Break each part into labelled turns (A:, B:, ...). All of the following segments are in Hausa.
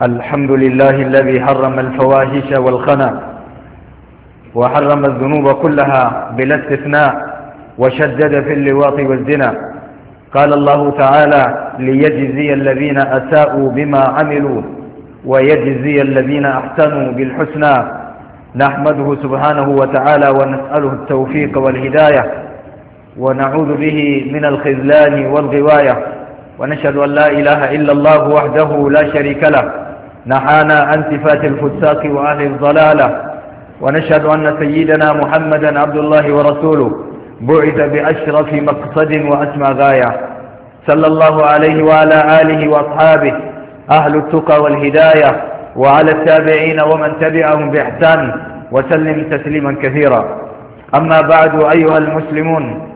A: الحمد لله الذي حرم الفواهش والخنا وحرم الذنوب كلها بلا استثناء وشدد في اللواط والزنا قال الله تعالى ليجزي الذين أساءوا بما عملوا ويجزي الذين أحسنوا بالحسنى نحمده سبحانه وتعالى ونسأله التوفيق والهداية ونعوذ به من الخذلان والغواية ونشهد أن لا إله إلا الله وحده لا شريك له نحانا عن صفات الفساق وأهل الضلالة ونشهد أن سيدنا محمدا عبد الله ورسوله بعث بأشرف مقصد وأسمى غاية صلى الله عليه وعلى آله وأصحابه أهل التقى والهداية وعلى التابعين ومن تبعهم بإحسان وسلم تسليما كثيرا أما بعد أيها المسلمون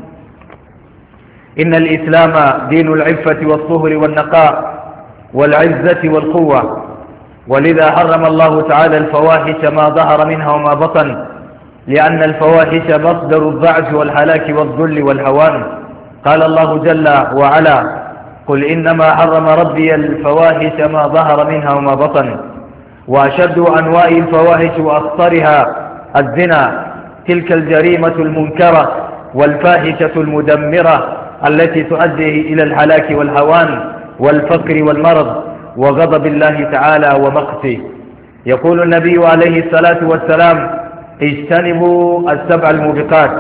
A: إن الإسلام دين العفة والطهر والنقاء والعزة والقوة ولذا حرم الله تعالى الفواحش ما ظهر منها وما بطن لأن الفواحش مصدر الضعف والهلاك والذل والهوان قال الله جل وعلا قل إنما حرم ربي الفواحش ما ظهر منها وما بطن وأشد أنواع الفواحش وأخطرها الزنا تلك الجريمة المنكرة والفاحشة المدمرة التي تؤدي إلى الهلاك والهوان والفقر والمرض وغضب الله تعالى ومقته يقول النبي عليه الصلاة والسلام اجتنبوا السبع الموبقات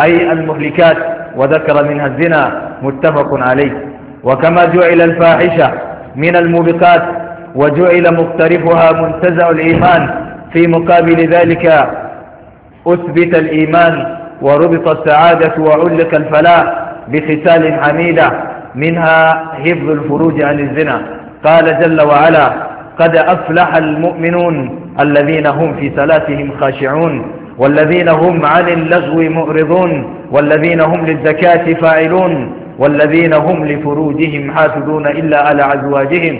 A: أي المهلكات وذكر منها الزنا متفق عليه وكما جعل الفاحشة من الموبقات وجعل مقترفها منتزع الإيمان في مقابل ذلك أثبت الإيمان وربط السعادة وعلق الفلاح بختال حميدة منها حفظ الفروج عن الزنا قال جل وعلا قد أفلح المؤمنون الذين هم في صلاتهم خاشعون والذين هم عن اللغو معرضون والذين هم للزكاة فاعلون والذين هم لفروجهم حافظون إلا على أزواجهم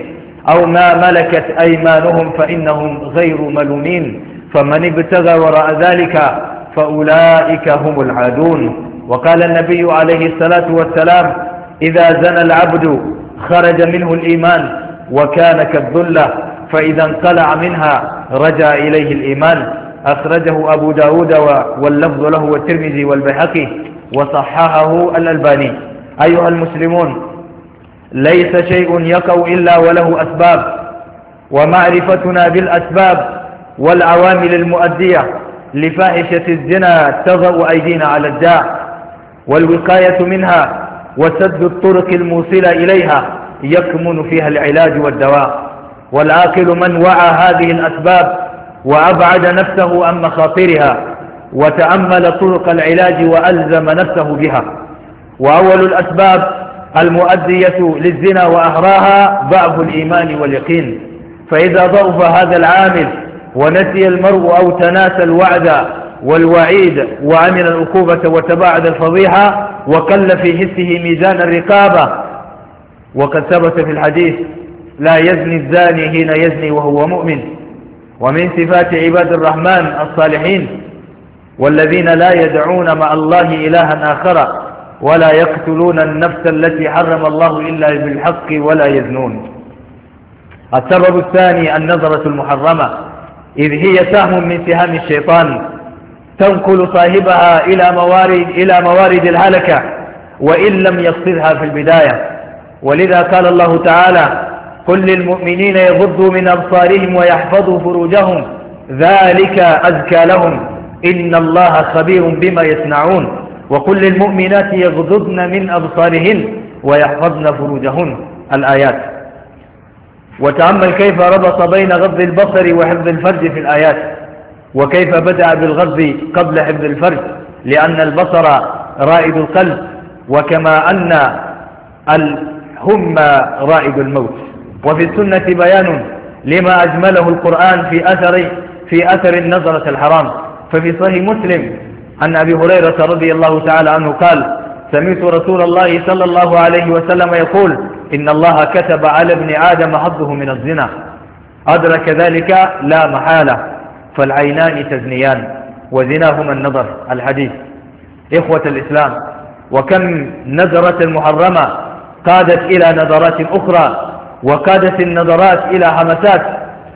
A: أو ما ملكت أيمانهم فإنهم غير ملومين فمن ابتغى وراء ذلك فأولئك هم العادون وقال النبي عليه الصلاة والسلام إذا زن العبد خرج منه الإيمان وكان كالذلة فإذا انقلع منها رجع إليه الإيمان أخرجه أبو داود واللفظ له والترمذي والبيهقي وصححه الألباني أيها المسلمون ليس شيء يقع إلا وله أسباب ومعرفتنا بالأسباب والعوامل المؤدية لفاحشة الزنا تضع أيدينا على الداع والوقاية منها وسد الطرق الموصلة إليها يكمن فيها العلاج والدواء والعاقل من وعى هذه الأسباب وأبعد نفسه عن مخاطرها وتأمل طرق العلاج وألزم نفسه بها وأول الأسباب المؤدية للزنا وأهراها ضعف الإيمان واليقين فإذا ضعف هذا العامل ونسي المرء أو تناسى الوعد والوعيد وعمل العقوبة وتباعد الفضيحة وقل في حسه ميزان الرقابة وقد ثبت في الحديث لا يزني الزاني حين يزني وهو مؤمن ومن صفات عباد الرحمن الصالحين والذين لا يدعون مع الله إلها آخر ولا يقتلون النفس التي حرم الله إلا بالحق ولا يزنون السبب الثاني النظرة المحرمة إذ هي سهم من سهام الشيطان تنقل صاحبها إلى موارد, إلى موارد الهلكة وإن لم يقصدها في البداية ولذا قال الله تعالى قل للمؤمنين يغضوا من أبصارهم ويحفظوا فروجهم ذلك أزكى لهم إن الله خبير بما يصنعون وقل للمؤمنات يغضضن من أبصارهن ويحفظن فروجهن الآيات وتأمل كيف ربط بين غض البصر وحفظ الفرج في الآيات وكيف بدأ بالغض قبل حفظ الفرج لأن البصر رائد القلب وكما أن الهم رائد الموت وفي السنة بيان لما أجمله القرآن في أثر في أثر النظرة الحرام ففي صحيح مسلم عن أبي هريرة رضي الله تعالى عنه قال سمعت رسول الله صلى الله عليه وسلم يقول إن الله كتب على ابن آدم حظه من الزنا أدرك ذلك لا محالة فالعينان تزنيان وزناهما النظر الحديث إخوة الإسلام وكم نظرة محرمة قادت إلى نظرات أخرى وقادت النظرات إلى همسات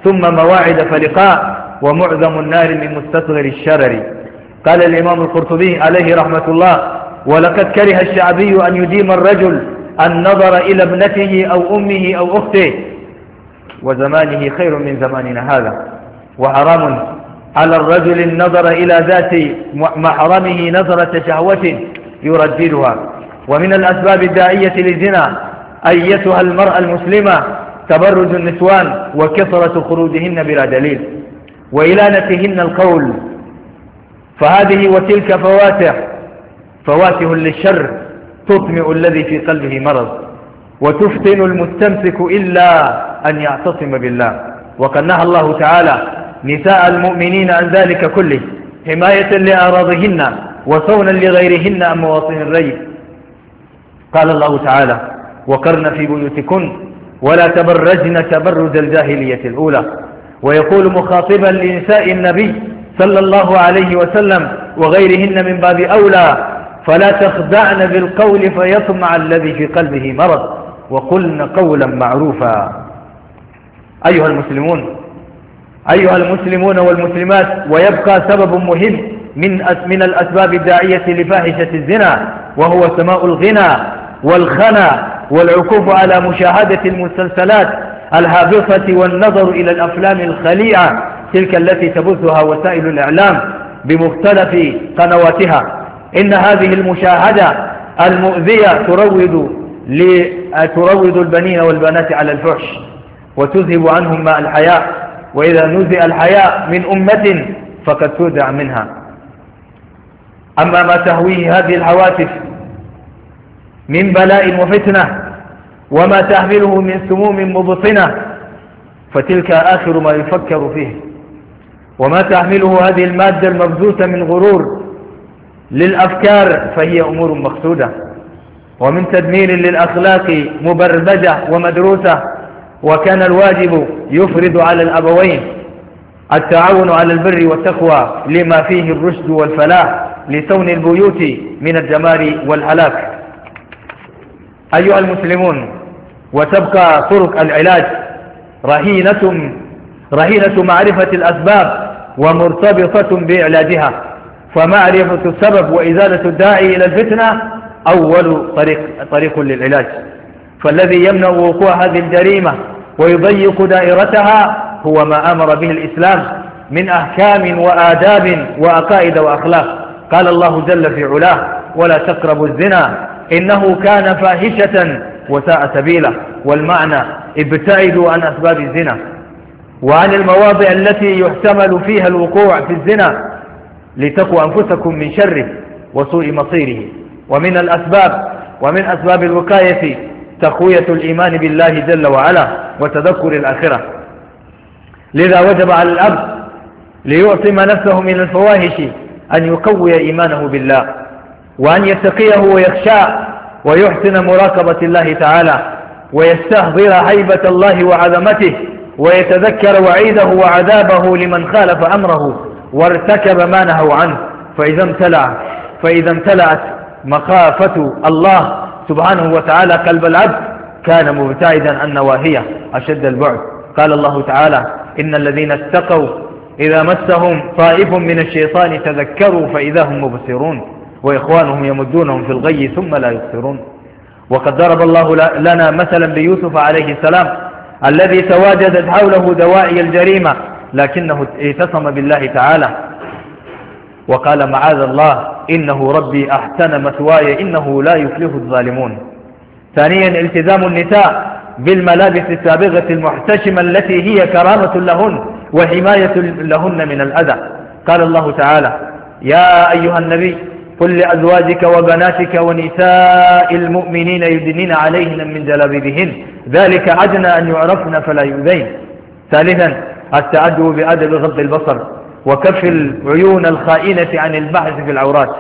A: ثم مواعد فلقاء ومعظم النار من مستصغر الشرر قال الإمام القرطبي عليه رحمة الله ولقد كره الشعبي أن يديم الرجل النظر إلى ابنته أو أمه أو أخته وزمانه خير من زماننا هذا وحرام على الرجل النظر إلى ذات محرمه نظرة شهوة يرددها ومن الأسباب الداعية للزنا أيتها المرأة المسلمة تبرز النسوان وكثرة خروجهن بلا دليل وإلانتهن القول فهذه وتلك فواتح فواته للشر تطمئ الذي في قلبه مرض وتفتن المستمسك إلا أن يعتصم بالله وقد نهى الله تعالى نساء المؤمنين عن ذلك كله حماية لأعراضهن وصونا لغيرهن عن مواطن الريب قال الله تعالى وقرن في بيوتكن ولا تبرجن تبرج الجاهلية الأولى ويقول مخاطبا لنساء النبي صلى الله عليه وسلم وغيرهن من باب أولى فلا تخدعن بالقول فيطمع الذي في قلبه مرض وقلن قولا معروفا أيها المسلمون أيها المسلمون والمسلمات ويبقى سبب مهم من من الأسباب الداعية لفاحشة الزنا وهو سماء الغنى والخنى والعكوف على مشاهدة المسلسلات الهابطة والنظر إلى الأفلام الخليعة تلك التي تبثها وسائل الإعلام بمختلف قنواتها إن هذه المشاهدة المؤذية تروض تروض البنين والبنات على الفحش وتذهب عنهم ماء الحياة وإذا نزع الحياء من أمة فقد تودع منها أما ما تهويه هذه الحواتف من بلاء وفتنة وما تحمله من سموم مبطنة فتلك آخر ما يفكر فيه وما تحمله هذه المادة المبزوثة من غرور للأفكار فهي أمور مقصودة ومن تدمير للأخلاق مبرمجة ومدروسة وكان الواجب يفرض على الأبوين التعاون على البر والتقوى لما فيه الرشد والفلاح لصون البيوت من الدمار والهلاك أيها المسلمون وتبقى طرق العلاج رهينة رهينة معرفة الأسباب ومرتبطة بإعلاجها فمعرفة السبب وإزالة الداعي إلى الفتنة أول طريق, طريق للعلاج فالذي يمنع وقوع هذه الجريمة ويضيق دائرتها هو ما أمر به الإسلام من أحكام وآداب وأقائد وأخلاق قال الله جل في علاه ولا تقربوا الزنا إنه كان فاحشة وساء سبيله والمعنى ابتعدوا عن أسباب الزنا وعن المواضع التي يحتمل فيها الوقوع في الزنا لتقوا أنفسكم من شره وسوء مصيره ومن الأسباب ومن أسباب الوقاية تقوية الإيمان بالله جل وعلا وتذكر الآخرة لذا وجب على الأب ليعصم نفسه من الفواهش أن يقوي إيمانه بالله وأن يتقيه ويخشى ويحسن مراقبة الله تعالى ويستحضر هيبة الله وعظمته ويتذكر وعيده وعذابه لمن خالف أمره وارتكب ما نهوا عنه فإذا امتلأ فإذا امتلأت مخافة الله سبحانه وتعالى قلب العبد كان مبتعدا عن نواهيه أشد البعد قال الله تعالى إن الذين اتقوا إذا مسهم طائف من الشيطان تذكروا فإذا هم مبصرون وإخوانهم يمدونهم في الغي ثم لا يبصرون وقد ضرب الله لنا مثلا بيوسف عليه السلام الذي تواجدت حوله دوائي الجريمة لكنه اعتصم بالله تعالى وقال معاذ الله إنه ربي أحسن مثواي إنه لا يفلح الظالمون ثانيا التزام النساء بالملابس السابغة المحتشمة التي هي كرامة لهن وحماية لهن من الأذى قال الله تعالى يا أيها النبي قل لأزواجك وبناتك ونساء المؤمنين يدنين عليهن من جلابيبهن ذلك أدنى أن يعرفن فلا يؤذين ثالثا التعدو بأدب غض البصر وكف العيون الخائنة عن البحث في العورات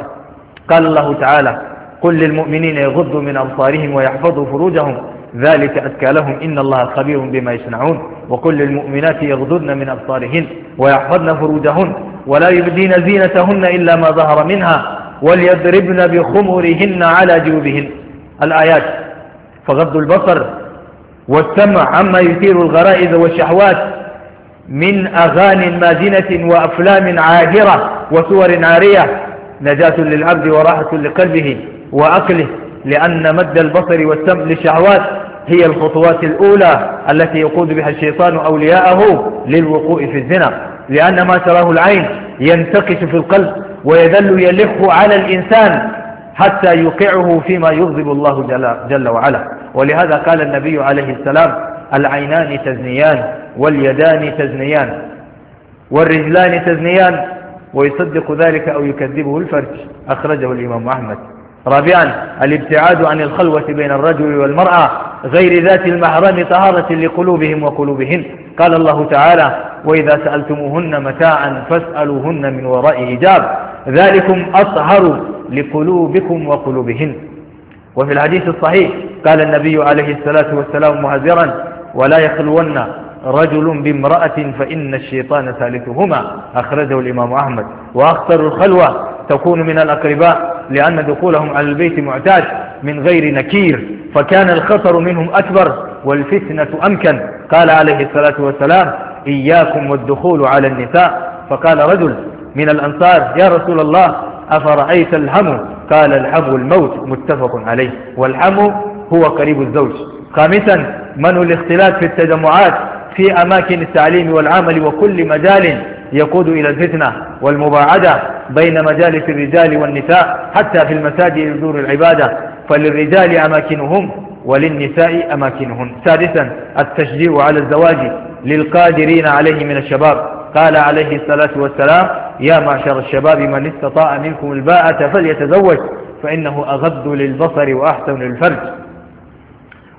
A: قال الله تعالى قل للمؤمنين يغضوا من أبصارهم ويحفظوا فروجهم ذلك أزكى لهم إن الله خبير بما يصنعون وقل للمؤمنات يغضن من أبصارهن ويحفظن فروجهن ولا يبدين زينتهن إلا ما ظهر منها وليضربن بخمرهن على جيوبهن الآيات فغض البصر والسمع عما يثير الغرائز والشهوات من أغان مازنة وأفلام عاجرة وصور عارية نجاة للعبد وراحة لقلبه وأقله لأن مد البصر والسم للشهوات هي الخطوات الأولى التي يقود بها الشيطان أولياءه للوقوع في الزنا لأن ما تراه العين ينتقش في القلب ويذل يلخ على الإنسان حتى يوقعه فيما يغضب الله جل, جل وعلا ولهذا قال النبي عليه السلام العينان تزنيان واليدان تزنيان والرجلان تزنيان ويصدق ذلك أو يكذبه الفرج أخرجه الإمام أحمد رابعا الابتعاد عن الخلوة بين الرجل والمرأة غير ذات المحرم طهارة لقلوبهم وقلوبهن قال الله تعالى وإذا سألتموهن متاعا فاسألوهن من وراء حجاب ذلكم أطهر لقلوبكم وقلوبهن وفي الحديث الصحيح قال النبي عليه الصلاة والسلام مهزرا ولا يخلون رجل بامرأة فإن الشيطان ثالثهما أخرجه الإمام أحمد وأخطر الخلوة تكون من الأقرباء لأن دخولهم على البيت معتاد من غير نكير فكان الخطر منهم أكبر والفتنة أمكن قال عليه الصلاة والسلام إياكم والدخول على النساء فقال رجل من الأنصار يا رسول الله أفرأيت الهم قال الهم الموت متفق عليه والحم هو قريب الزوج خامسا من الاختلاف في التجمعات في أماكن التعليم والعمل وكل مجال يقود إلى الفتنة والمباعدة بين مجالس الرجال والنساء حتى في المساجد لدور العبادة فللرجال أماكنهم وللنساء أماكنهن سادسا التشجيع على الزواج للقادرين عليه من الشباب قال عليه الصلاة والسلام يا معشر الشباب من استطاع منكم الباءة فليتزوج فإنه أغض للبصر وأحسن للفرج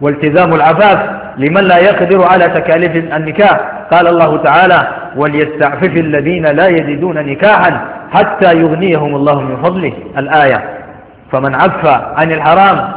A: والتزام العفاف لمن لا يقدر على تكاليف النكاح قال الله تعالى وليستعفف الذين لا يجدون نكاحا حتى يغنيهم الله من فضله الآية فمن عفى عن الحرام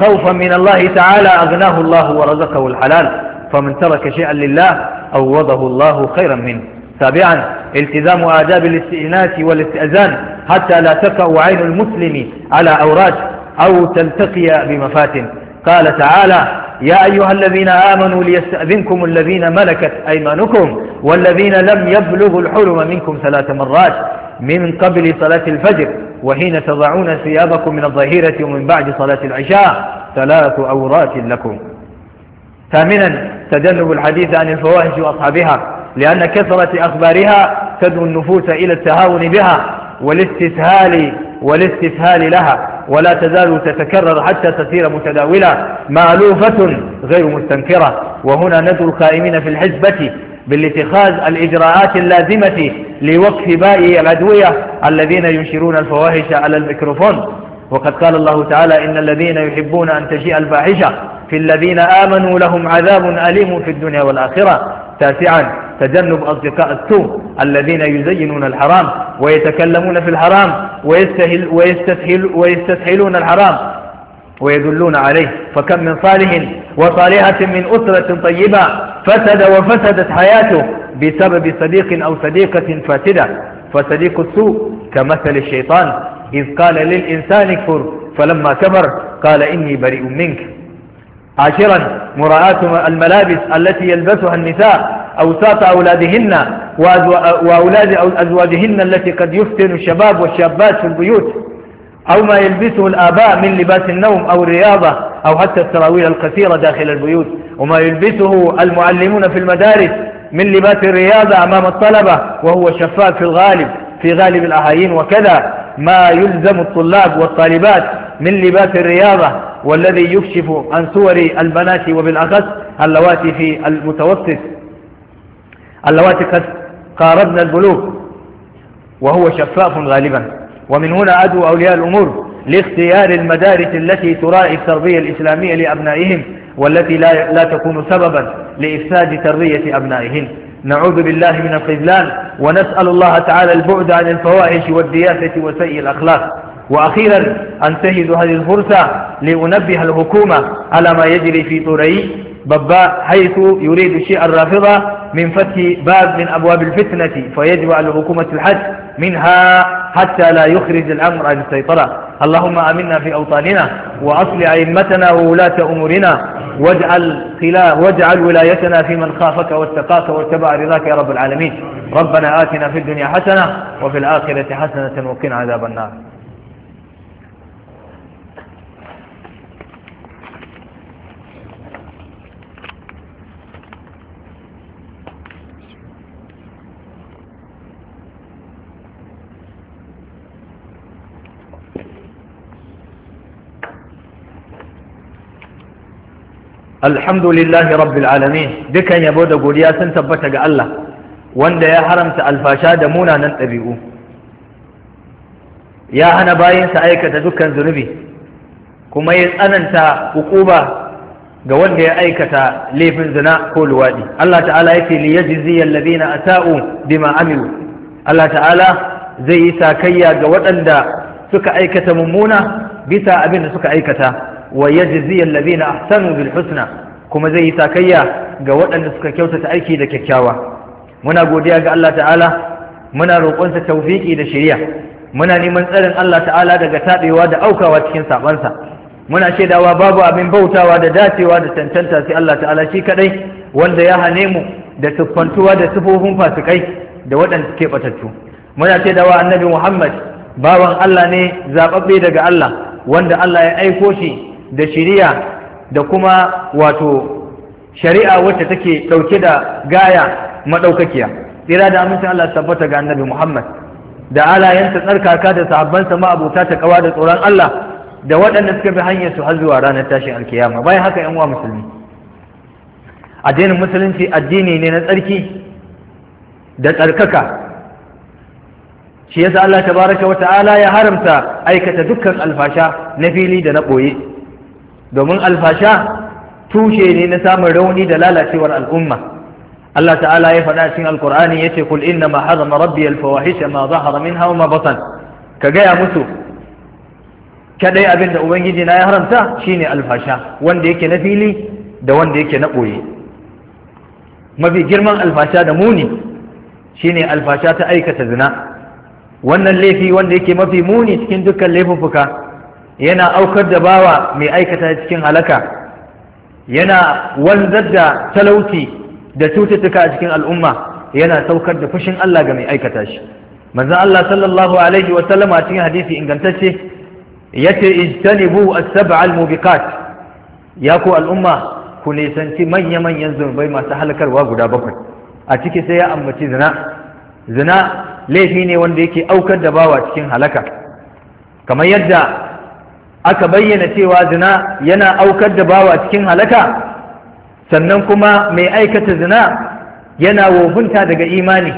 A: خوفا من الله تعالى أغناه الله ورزقه الحلال فمن ترك شيئا لله أوضه الله خيرا منه سابعا التزام آداب الاستئناس والاستئذان حتى لا تقع عين المسلم على أوراج أو تلتقي بمفاتن قال تعالى يا أيها الذين آمنوا ليستأذنكم الذين ملكت أيمانكم والذين لم يبلغوا الحلم منكم ثلاث مرات من قبل صلاة الفجر وحين تضعون ثيابكم من الظهيرة ومن بعد صلاة العشاء ثلاث أورات لكم ثامنا تجنب الحديث عن الفواحش وأصحابها لأن كثرة أخبارها تدعو النفوس إلى التهاون بها والاستسهال والاستسهال لها ولا تزال تتكرر حتى تصير متداولة مألوفة غير مستنكرة وهنا ندعو القائمين في الحزبة بالاتخاذ الإجراءات اللازمة لوقف بائي الأدوية الذين ينشرون الفواحش على الميكروفون وقد قال الله تعالى إن الذين يحبون أن تجيء الفاحشة في الذين آمنوا لهم عذاب أليم في الدنيا والآخرة تاسعا تجنب أصدقاء السوء الذين يزينون الحرام ويتكلمون في الحرام ويستهل ويستسهل ويستسهلون الحرام ويدلون عليه فكم من صالح وصالحة من أسرة طيبة فسد وفسدت حياته بسبب صديق أو صديقة فاسدة فصديق السوء كمثل الشيطان إذ قال للإنسان كفر فلما كفر قال إني بريء منك عاشرا مراعاة الملابس التي يلبسها النساء أوساط أولادهن وأولاد أزواجهن التي قد يفتن الشباب والشابات في البيوت أو ما يلبسه الآباء من لباس النوم أو الرياضة أو حتى السراويل القصيرة داخل البيوت وما يلبسه المعلمون في المدارس من لباس الرياضة أمام الطلبة وهو شفاف في الغالب في غالب الأحايين وكذا ما يلزم الطلاب والطالبات من لباس الرياضة والذي يكشف عن صور البنات وبالأخص اللواتي في المتوسط اللواتي قد قاربنا البلوغ وهو شفاف غالبا ومن هنا أدوا أولياء الأمور لاختيار المدارس التي تراعي التربية الإسلامية لأبنائهم والتي لا, لا تكون سببا لإفساد تربية أبنائهم نعوذ بالله من الخذلان ونسأل الله تعالى البعد عن الفواحش والدياسة وسيء الأخلاق وأخيرا أنتهز هذه الفرصة لأنبه الحكومة على ما يجري في طري بباء حيث يريد الشيء الرافضة من فتح باب من أبواب الفتنة فيجب على حكومة الحج منها حتى لا يخرج الأمر عن السيطرة اللهم أمنا في أوطاننا وأصل أئمتنا وولاة أمورنا واجعل, خلاف واجعل ولايتنا في من خافك واتقاك واتبع رضاك يا رب العالمين ربنا آتنا في الدنيا حسنة وفي الآخرة حسنة وقنا عذاب النار alhamdulillahi rabbil alamin dukan yabo da godiya sun tabbata ga Allah wanda ya haramta alfasha da munanan ɗabi'u ya hana bayinsa aikata dukkan zunubi kuma ya tsananta hukuba ga wanda ya aikata laifin zina ko luwaɗi Allah ta'ala yake li yajzi alladhina asa'u bima amilu Allah ta'ala zai yi sakayya ga waɗanda suka aikata mummuna bisa abin da suka aikata wa yajzi allazina ahsanu bil husna kuma zai yi takayya ga waɗanda suka kyautata aiki da kyakkyawa muna godiya ga Allah ta'ala muna roƙonsa tawfiki da shirya. muna neman tsarin Allah ta'ala daga taɗewa da aukawa cikin sabansa muna shaidawa babu abin bautawa da dacewa da tantanta sai Allah ta'ala shi kadai wanda ya hane mu da tuffantuwa da sufofin fasikai da waɗanda suke batattu muna shaidawa annabi Muhammad bawan Allah ne zababbe daga Allah wanda Allah ya aiko shi da shari'a da kuma wato shari'a wacce take ɗauke da gaya maɗaukakiya tsira da amincin Allah tabbata ga annabi Muhammad da alayensa tsarkaka da sahabbansa ma'abuta ta kawa da tsoron Allah da waɗanda suka bi hanyar su har zuwa ranar tashin alkiyama bayan haka yan uwa musulmi addinin musulunci addini ne na tsarki da tsarkaka shi yasa Allah tabaraka wa ta'ala ya haramta aikata dukkan alfasha na fili da na ɓoye domin alfasha tushe ne na samun rauni da lalacewar al'umma Allah ta'ala ya faɗa cikin alkur'ani ya ce kul inna ma hazama rabbi alfawahisha ma zahara minha ma batan ka gaya musu kadai abin da ubangiji na ya haramta shine alfasha wanda yake na fili da wanda yake na ɓoye mafi girman alfasha da muni shine alfasha ta aikata zina wannan laifi wanda yake mafi muni cikin dukkan laifuffuka yana aukar da bawa mai aikata cikin halaka yana wanzar da talauci da cututtuka a cikin al'umma yana saukar da fushin Allah ga mai aikata shi manzo Allah sallallahu alaihi wa sallama a cikin hadisi ingantacce yace ijtanibu as-sab'a al-mubiqat ya ku al'umma ku nisanci manya-manyan zunubai masu halakarwa guda bakwai a ciki sai ya ambaci zina zina laifi ne wanda yake aukar da bawa cikin halaka kamar yadda aka bayyana cewa zina yana aukar da bawa cikin halaka sannan kuma mai aikata zina yana wofinta daga imani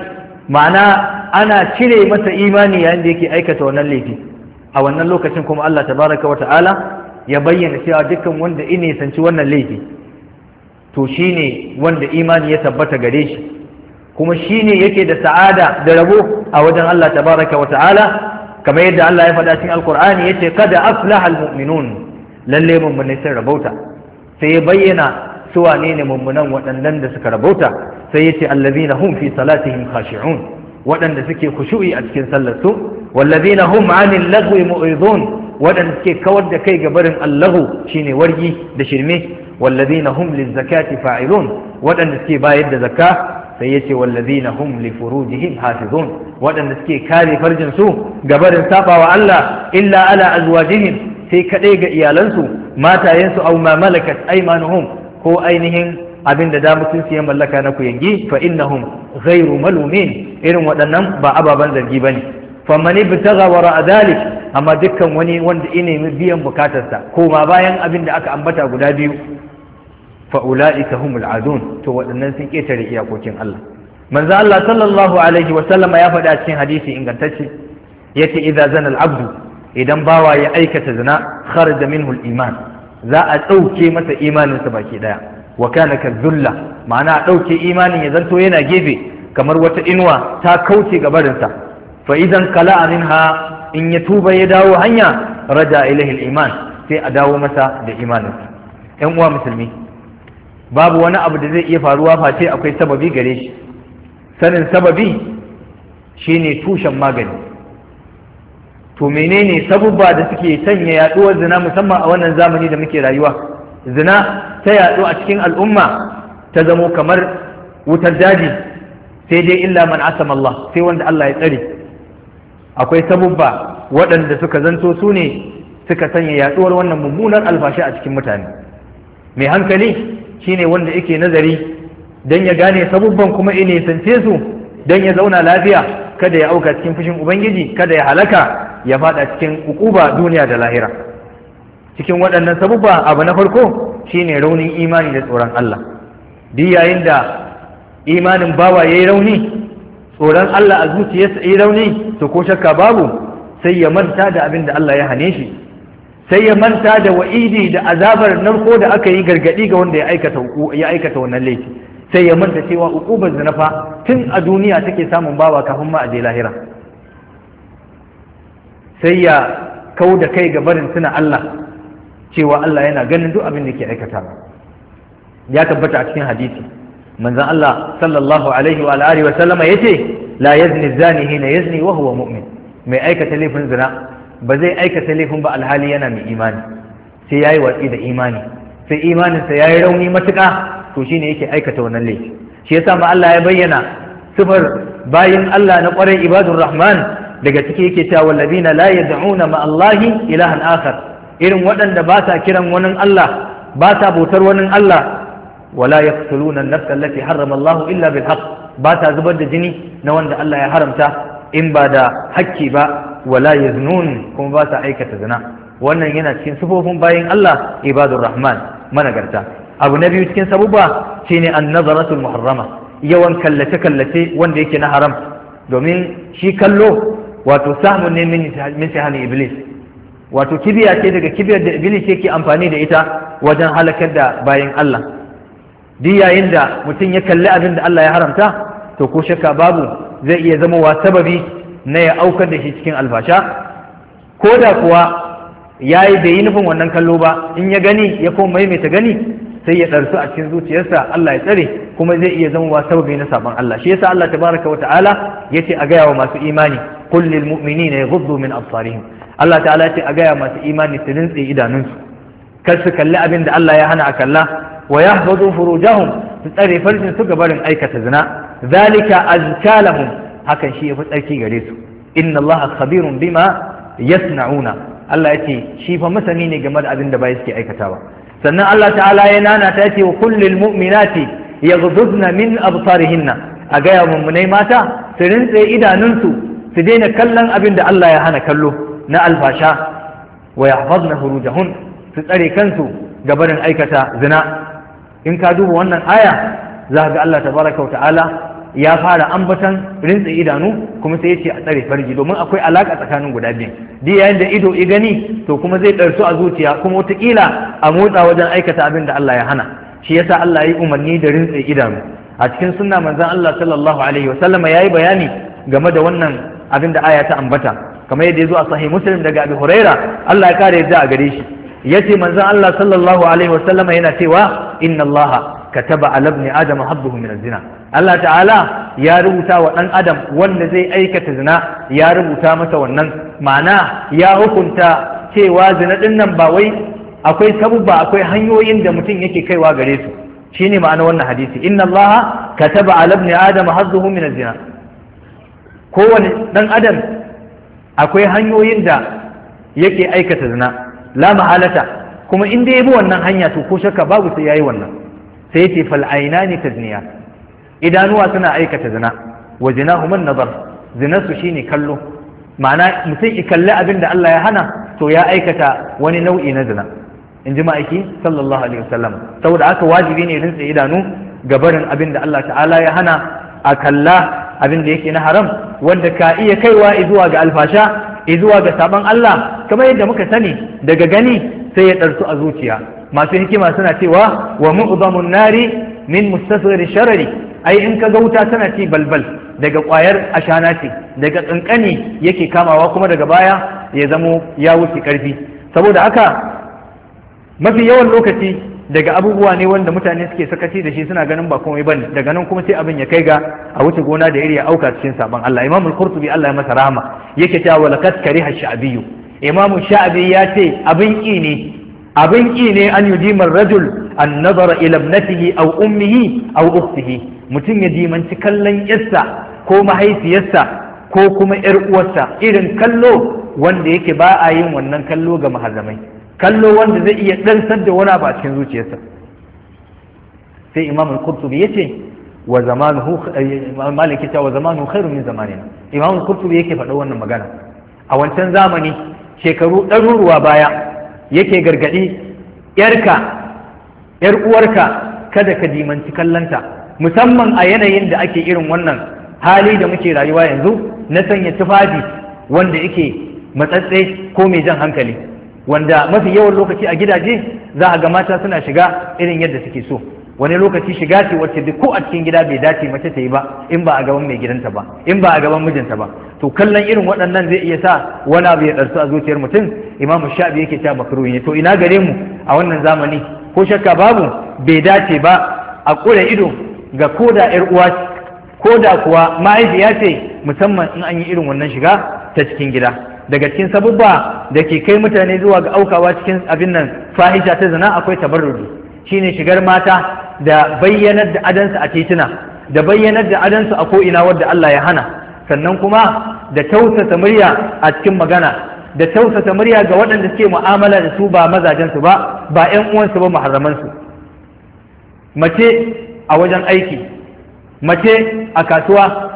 A: ma'ana ana cire masa imani yayin da yake aikata wannan laifi a wannan lokacin kuma Allah tabaraka wa ta'ala ya bayyana cewa dukkan wanda ine sanci wannan laifi to shine wanda imani ya tabbata gare shi kuma shine yake da sa'ada da rabo a wajen Allah tabaraka wa ta'ala kamar yadda Allah ya faɗa cikin alkur'ani yace kada aflaha almu'minun lalle mummunai sun rabauta sai ya bayyana su wane ne mummunan waɗannan da suka rabauta sai yace allazina hum fi salatihim khashi'un waɗanda suke khushu'i a cikin sallar su wallazina hum 'anil lagwi mu'ridun waɗanda suke kawar da kai ga barin allahu shine wargi da shirme wallazina hum lizakati fa'ilun waɗanda suke bayar da zakka sai yace wallazina hum li furujihim hafizun waɗanda suke kare farjin su gabarin sabawa Allah illa ala azwajihim sai kadai ga iyalansu matayensu aw ma malakat aymanuhum ko ainihin abinda da mutum su ya mallaka na kuyangi fa innahum ghairu malumin irin waɗannan ba ababan zargi bane faman ibtagha wara dhalik amma dukkan wani wanda ina biyan bukatarsa ko ma bayan abinda aka ambata guda biyu fa'ula'ika humul adun to waɗannan sun ƙetare iyakokin Allah manzo Allah sallallahu alaihi wa sallama ya faɗa cikin hadisi ingantacce yace idza zana abdu idan bawa ya aikata zina kharaja da minhul iman za a ɗauke masa imaninsa baki ɗaya wa kana kadhulla ma'ana a ɗauke imanin ya zanto yana gefe kamar wata inuwa ta kauce gabarinsa fa idan kala minha in ya tuba ya dawo hanya raja ilaihi iman sai a dawo masa da imaninsa ƴan uwa musulmi babu wani abu da zai iya faruwa face akwai sababi gare shi sanin sababi shine tushen magani to menene sabubba da suke sanya yaduwar zina musamman a wannan zamani da muke rayuwa zina ta yadu a cikin al'umma ta zamo kamar wutar daji sai dai illa man sai wanda Allah ya tsare akwai sabubba waɗanda suka zanto su ne suka sanya yaduwar wannan mummunar alfashi a cikin mutane mai hankali shine wanda yake nazari don ya gane sabubban kuma ine sance su dan ya zauna lafiya kada ya auka cikin fushin ubangiji kada ya halaka ya fada cikin ukuba duniya da lahira cikin waɗannan sabubba abu na farko shine raunin imani da tsoron Allah duk yayin da imanin bawa yayi rauni tsoron Allah a zuciyarsa yayi rauni to ko shakka babu sai ya manta da abin da Allah ya hane shi sai ya manta da wa'idi da azabar narko da aka yi gargadi ga wanda ya aikata wannan laifi sai ya manta cewa uqubar zinafa fa tun a duniya take samun bawa kafin ma a je lahira sai ya kau da kai ga barin suna Allah cewa Allah yana ganin duk abin da ke aikata ya tabbata a cikin hadisi manzon Allah sallallahu alaihi wa alihi wa sallama yace la yazni zani hina yazni wa huwa mu'min mai aikata laifin zina ba zai aikata laifin ba alhali yana mai imani sai yi watsi da imani sai imaninsa yi rauni matuƙa to shine yake aikata wannan laifi shi yasa ma Allah ya bayyana sifar bayin Allah na ƙwarai ibadun rahman daga ciki yake cewa wallazina la yad'una ma Allahi ilahan akhar irin waɗanda ba sa kiran wani Allah ba sa bautar wani Allah wala yaqtuluna an-nafsa allati harrama illa bil haqq ba sa zubar da jini na wanda Allah ya haramta in ba da hakki ba wala yaznun kuma ba sa aikata zina wannan yana cikin sifofin bayin Allah ibadur rahman managarta abu na biyu cikin sabubba shine an-nazaratul muharrama yawan kallace kallace wanda yake na haram domin shi kallo wato samun ne min sihani iblis wato kibiya ce daga kibiyar da iblis yake amfani da ita wajen halakar da bayan Allah duk yayin da mutum ya kalli abin da Allah ya haramta to ko shakka babu zai iya zamowa sababi na ya aukar da shi cikin alfasha ko da kuwa ya yi bai yi nufin wannan kallo ba in ya gani ya kuma maimaita gani sai ya ɗarsu a cikin zuciyarsa Allah ya tsare kuma zai iya zama zamowa sababi na sabon Allah shi yasa Allah tabaraka wa ta'ala ce a gaya wa masu imani kullil mu'minina yaghuddu min absarihim Allah ta'ala ce a gaya masu imani su rintse idanunsu kar su kalli abin da Allah ya hana a kalla wa yahfazu furujahun su tsare farjin su barin aikata zina zalika azkalahum hakan shi yafi tsarki gare su inna Allah khabirun bima yasna'una Allah yace shi fa masani ne game da abin da bai suke ba. sannan Allah ta'ala ya nana ta yace wa kullil mu'minati yaghdudna min absarihinna a gaya mummunai mata su rintse idanunsu su daina kallon abin da Allah ya hana kallo na alfasha wa yahfazna furujahun su tsare kansu ga barin aikata zina in ka duba wannan aya za ga Allah tabaraka ta'ala ya fara ambatan rintsa idanu kuma sai ya ce a tsare farji domin akwai alaka tsakanin guda biyu duk yayin da ido i gani to kuma zai ɗarsu a zuciya kuma wataƙila a motsa wajen aikata abin da Allah ya hana shi yasa Allah ya yi umarni da rintsa idanu a cikin sunna manzon Allah sallallahu alaihi wa sallama yayi bayani game da wannan abin da aya ta ambata kamar yadda ya zo a sahih muslim daga abi huraira Allah ya kare yadda a gare shi Ya ce manzon Allah sallallahu alaihi wasallam yana cewa inna Allah ka taba ibn adam habbuhu min zina Allah ta'ala ya rubuta wa dan adam wanda zai aikata zina ya rubuta masa wannan ma'ana ya hukunta cewa zina ɗinnan nan ba wai akwai sabubba akwai hanyoyin da mutum yake kaiwa gare su shine ma'ana wannan hadisi inna Allah ka taba ibn adam hazzuhu min zina kowane ɗan adam akwai hanyoyin da yake aikata zina la mahalata kuma in da ya bi wannan hanya to ko shakka babu sai yayi wannan sai yace fal ainani tazniya idanuwa suna aikata zina wa zinahu nazar zinarsu shine kallo ma'ana mutum ya kalli abin da Allah ya hana to ya aikata wani nau'i na zina in ji ma'aiki sallallahu alaihi wasallam saboda haka wajibi ne rinsa idanu ga barin abin da Allah ta'ala ya hana a kalla abin da yake na haram wanda ka iya kaiwa zuwa ga alfasha zuwa ga sabon Allah kamar yadda muka sani daga gani sai ya ɗarsu a zuciya masu hikima suna cewa wa mu'zamun nari min mustasghir sharari ai in ka ga wuta tana ci balbal daga kwayar ashana ce daga tsinkani yake kamawa kuma daga baya ya zamo ya wuce karfi saboda haka mafi yawan lokaci daga abubuwa ne wanda mutane suke sakaci da shi suna ganin ba komai bane daga nan kuma sai abin ya kai ga a wuce gona da iri ya auka cikin sabon Allah Imam al-Qurtubi Allah ya masa rahama yake cewa walakat kariha sha'biyu Imam Sha'bi ya ce abin ki ne abin ki ne an yudima ar-rajul an nazara ila ibnatihi aw ummihi aw ukhtihi mutum ya dimanci kallon yarsa ko mahaifiyarsa ko kuma yar uwarsa irin kallo wanda yake ba a yin wannan kallo ga mahazamai kallo wanda zai iya ɗarsar da wani a cikin zuciyarsa sai imam qurtubi yace wa zamanuhu eh, maliki ta wa zamanuhu khairu min zamanina imam qurtubi yake faɗa wannan magana a wancan zamani shekaru ɗaruruwa baya yake gargaɗi yarka yar uwarka kada ka dimanci kallanta musamman a yanayin da ake irin wannan hali da muke rayuwa yanzu na sanya tufafi wanda yake matsatse ko mai jan hankali wanda mafi yawan lokaci a gidaje za a ga mata suna shiga irin yadda suke so wani lokaci shiga ce wacce duk ko a cikin gida bai dace mace ta yi ba in ba a gaban mai gidanta ba in ba a gaban mijinta ba to kallon irin waɗannan zai iya sa wani abu ya ɗarsu a zuciyar mutum imamu sha'abi yake cewa makaru ne to ina gare mu a wannan zamani ko shakka babu bai dace ba a ƙure ido ga koda ƴar uwa ko da kuwa ya ce musamman in an yi irin wannan shiga ta cikin gida daga cikin sabubba da ke kai mutane zuwa ga aukawa cikin abin nan fahisha ta zina akwai Shi shine shigar mata da bayyanar da adansu a titina da bayyanar da adansu a ko'ina wadda Allah ya hana sannan kuma da tausasa murya a cikin magana da tausasa murya ga waɗanda suke mu'amala da su ba mazajensu ba ba 'yan uwansu ba muharramansu mace a wajen aiki mace a kasuwa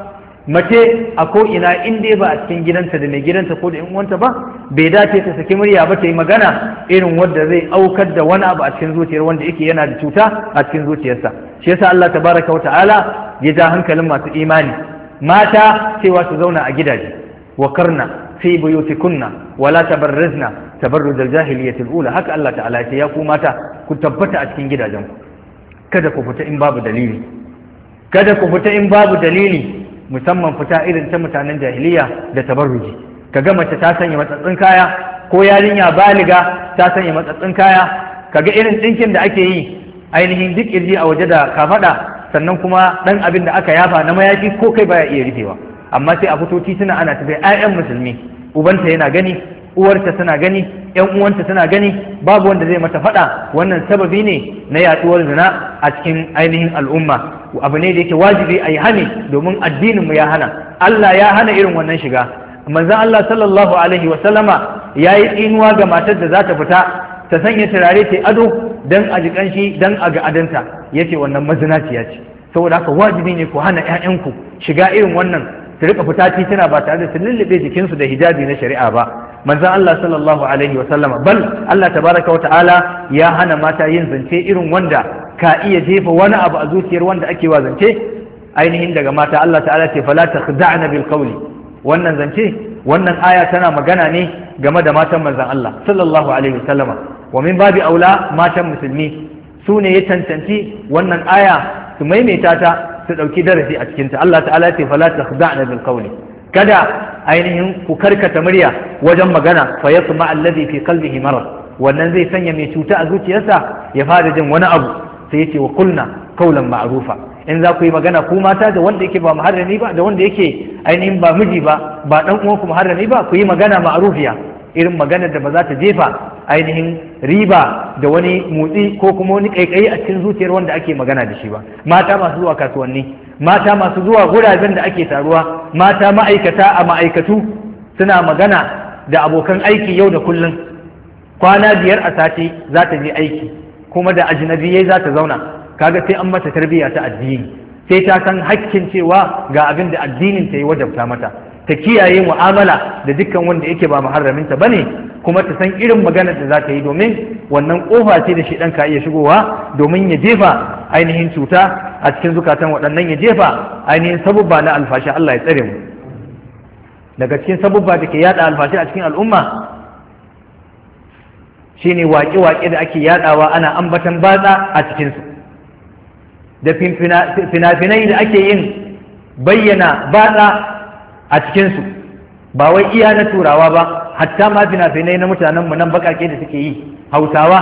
A: mace a ko ina in dai ba a cikin gidanta da mai gidanta ko da in uwanta ba bai dace ta saki murya ba ta yi magana irin wanda zai aukar da wani abu a cikin zuciyar wanda yake yana da cuta a cikin zuciyarsa shi yasa Allah tabaraka wa ta'ala ya ja hankalin masu imani mata cewa su zauna a gidaje wa karna fi buyutikunna wala tabarrizna tabarruj al-jahiliyyah ula haka Allah ta'ala ya ku mata ku tabbata a cikin gidajenku kada ku fita in babu dalili kada ku fita in babu dalili musamman fita irin ta mutanen jahiliya da tabarruji ga mace ta sanya matsatsin kaya ko yarinya baliga ta sanya matsatsin kaya Ka ga irin tsinkin da ake yi ainihin duk irji a waje da kafada sannan kuma ɗan abin da aka yafa na mayafi ko kai baya iya rufewa amma sai a fitoci suna ana tafiya 'ya'yan musulmi ubanta yana gani uwarta tana gani yan uwanta tana gani babu wanda zai mata faɗa wannan sababi ne na yaɗuwar zina a cikin ainihin al'umma abu ne da yake wajibi a yi hani domin addininmu ya hana Allah ya hana irin wannan shiga manzon Allah sallallahu alaihi wa sallama ya yi tsinuwa ga matar da za ta fita ta sanya turare ta ado dan a ji kanshi dan a ga adanta yace wannan mazinaciya ce saboda haka wajibi ne ku hana 'ya'yanku shiga irin wannan su rika fita tana ba tare da su lullube jikinsu da hijabi na shari'a ba Manzan Allah sallallahu alaihi bal Allah tabaraka wa ta'ala ya hana mata yin zance irin wanda ka iya jefa wani abu a zuciyar wanda ake wa zance ainihin daga mata Allah ta'ala ce fala takhda'na bil qawli wannan zance wannan aya tana magana ne game da matan Manzan Allah sallallahu alaihi wa wa min babi aula matan musulmi su ne ya tantanci wannan aya su maimaita ta su dauki darasi a cikin ta Allah ta'ala ce fala takhda'na bil qawli kada ainihin ku karkata murya wajen magana fa yasma alladhi fi qalbihi marad wannan zai sanya mai cuta a zuciyarsa ya fara jin wani abu sai yace wa kulna qawlan ma'rufa in za ku yi magana ku mata da wanda yake ba muharrami ba da wanda yake ainihin ba miji ba ba dan uwan ku muharrami ba ku yi magana ma'rufiya irin maganar da ba za ta jefa ainihin riba da wani motsi ko kuma wani kaikayi a cikin zuciyar wanda ake magana da shi ba mata masu zuwa kasuwanni mata masu zuwa guraben da ake taruwa mata ma'aikata a ma'aikatu suna magana da abokan aiki yau da kullum kwana biyar a sati za ta je aiki kuma da ajinabiyai za ta zauna kaga sai an mata tarbiyya ta addini sai ta san hakkin cewa ga abin da addinin ta yi wajabta mata ta kiyaye mu'amala da dukkan wanda yake ba muharraminta bane kuma ta san irin maganar da za ta yi domin wannan kofa ce da shi ɗan ka iya shigowa domin ya jefa ainihin cuta a cikin zukatan waɗannan ya jefa ainihin sabubba na alfashi Allah ya tsare mu daga cikin sabubba da ke yada alfashi a cikin al'umma shine waƙe-waƙe da ake yadawa ana ambatan batsa a cikinsu da fina-finai da ake yin bayyana batsa a cikinsu ba wai iya na turawa ba hatta ma fina-finai na mutanenmu nan baƙaƙe da suke yi hausawa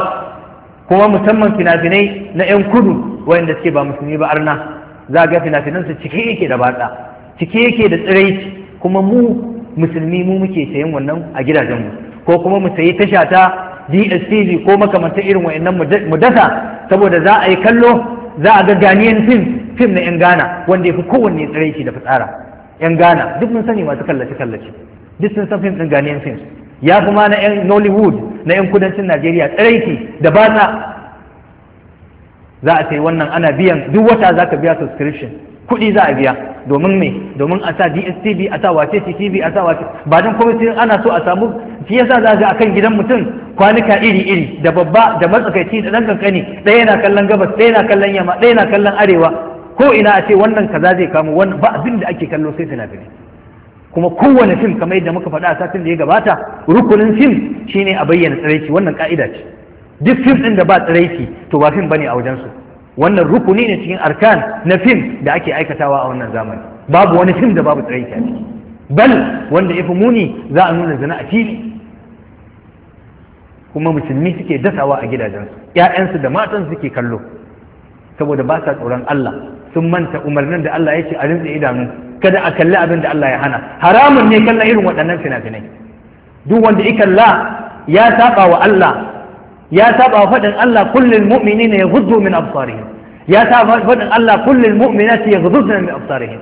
A: kuma musamman fina-finai na 'yan kudu da suke ba musulmi ba arna za ga fina su cike yake da batsa cike yake da tsiraici kuma mu musulmi mu muke sayan wannan a gidajenmu ko kuma mu sayi tasha ta DSTV ko makamantar irin wayannan mu dasa saboda za a yi kallo za a ga ganiyan fim fim na yan Ghana wanda ya fi kowanne tsiraici da fitsara yan Ghana duk mun sani masu kallace kallace duk sun san fim din ganiyan fim ya kuma na yan Nollywood na yan kudancin Najeriya tsiraici da batsa za a sai wannan ana biyan duk wata za ka biya subscription kuɗi za a biya domin me domin a sa dstv a sa wace tv a sa wace ba don kwamitin ana so a samu shi yasa za ga akan gidan mutum kwanuka iri iri da babba da matsakaici da ɗan kankani ɗaya yana kallon gabas ɗaya yana kallon yamma ɗaya yana kallon arewa ko ina a ce wannan kaza zai kamo wannan ba abin da ake kallo sai suna finai kuma kowane fim kamar yadda muka faɗa a satin da ya gabata rukunin fim shine a bayyana tsiraici wannan ka'ida ce duk fim ɗin da ba tsiraiti to ba fim bane a wajensu wannan rukuni ne cikin arkan na fim da ake aikatawa a wannan zamani babu wani fim da babu tsiraiti a ciki bal wanda ya fi muni za a nuna zina a fili kuma musulmi suke dasawa a gidajensu ‘ya'yansu da matan suke kallo saboda ba sa tsoron Allah sun manta umarnin da Allah ya ce a rinsa idanu kada a kalli abin da Allah ya hana haramun ne kallon irin waɗannan fina-finai duk wanda ikalla ya saba wa Allah ya saba faɗin Allah kullum mu'minina ya gudu min absarihim ya saba faɗin Allah kullum mu'minati ya gudu min absarihim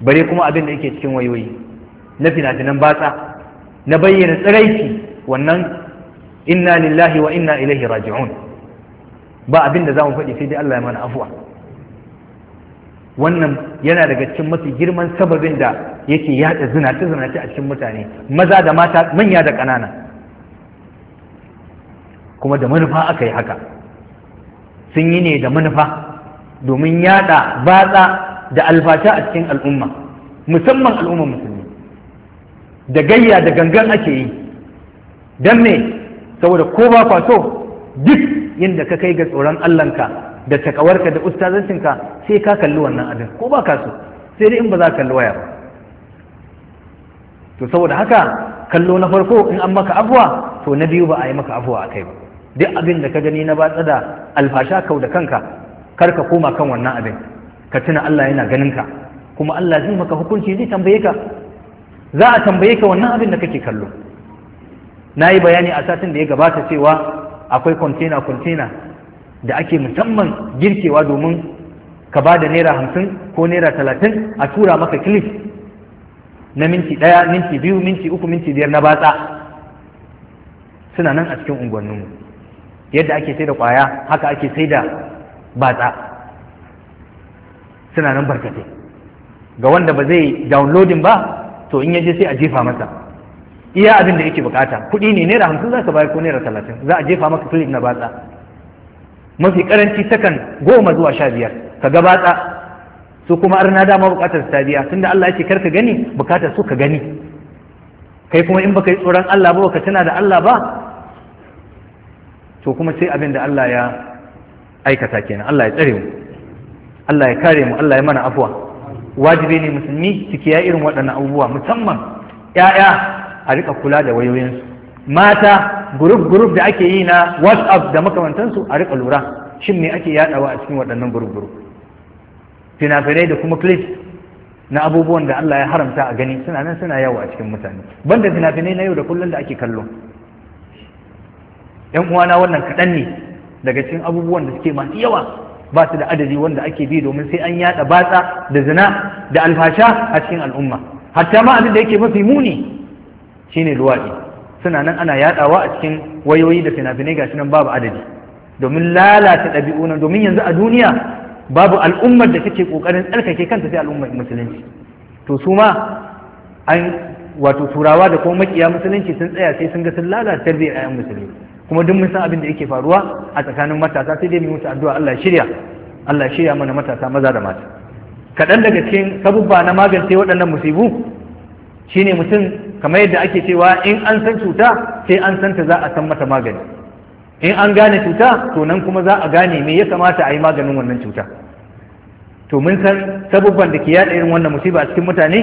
A: bare kuma abin da yake cikin wayoyi na finan batsa na bayyana tsiraici wannan inna lillahi wa inna ilaihi raji'un ba abin da za mu faɗi sai dai Allah ya mana afuwa wannan yana daga cikin mafi girman sababin da yake yada zinace zinace a cikin mutane maza da mata manya da ƙanana kuma da manufa aka yi haka sun yi ne da manufa domin yada batsa da alfata a cikin al'umma musamman al'ummar musulmi da gayya da gangan ake yi don me saboda ko ba kwaso duk yadda ka kai ga tsoron allanka da takawarka da ustazancinka sai ka kalli wannan abin ko ba ka sai dai in ba za ka kalli waya ba to saboda haka kallo na farko in an maka afuwa to na biyu ba a yi maka afuwa a kai ba duk abin da ka gani na batsa da alfasha kau da kanka kar ka koma kan wannan abin ka tuna Allah yana ganin ka kuma Allah zai maka hukunci zai tambaye ka za a tambaye ka wannan abin da kake kallo na yi bayani a satin da ya gabata cewa akwai kwantena kwantena da ake musamman girkewa domin ka ba da naira hamsin ko naira talatin a tura maka kilif na minti ɗaya minti biyu minti uku minti biyar na batsa suna nan a cikin unguwanninmu yadda ake sai da kwaya haka ake sai da batsa suna nan barkatai ga wanda ba zai downloading ba to in yaje sai a jefa masa iya abin da yake bukata kuɗi ne naira hamsin za ka bayar ko naira talatin za a jefa maka filin na batsa mafi karanci takan goma zuwa sha biyar ka ga batsa su kuma arna dama bukatar ta biya da Allah yake kar ka gani bukatar su ka gani kai kuma in baka yi tsoron Allah ba baka tana da Allah ba to kuma sai abin da Allah ya aikata kenan Allah ya tsare mu Allah ya kare mu Allah ya mana afuwa wajibi ne musulmi su kiyaye irin waɗannan abubuwa musamman ƴaƴa a rika kula da wayoyinsu mata group group da ake yi na WhatsApp da makamantansu a rika lura shin me ake yaɗawa a cikin waɗannan group group fina-finai da kuma clips na abubuwan da Allah ya haramta a gani suna nan suna yawo a cikin mutane banda fina-finai na yau da kullum da ake kallo yan uwana wannan kaɗan ne daga cikin abubuwan da suke masu yawa ba su da adadi wanda ake bi domin sai an yada batsa da zina da alfasha a cikin al'umma hatta ma abin da yake mafi muni shine luwaɗi suna nan ana yatsawa a cikin wayoyi da fina-finai shi nan babu adadi domin lalata ɗabi'u nan domin yanzu a duniya babu al'ummar da take kokarin tsarkake kanta sai al'ummar musulunci to su ma an wato turawa da kuma makiya musulunci sun tsaya sai sun ga sun lalata tarbiyyar 'ya'yan musulunci kuma duk mun san abin da yake faruwa a tsakanin matasa sai dai mu mutu addu'a Allah shirya Allah shirya mana matasa maza da mata kaɗan daga cikin sabubba na magance waɗannan musibu shine mutum kamar yadda ake cewa in an san cuta sai an san ta za a san mata magani in an gane cuta to nan kuma za a gane me ya kamata a yi maganin wannan cuta to mun san sabubban da ke yaɗa irin wannan musiba a cikin mutane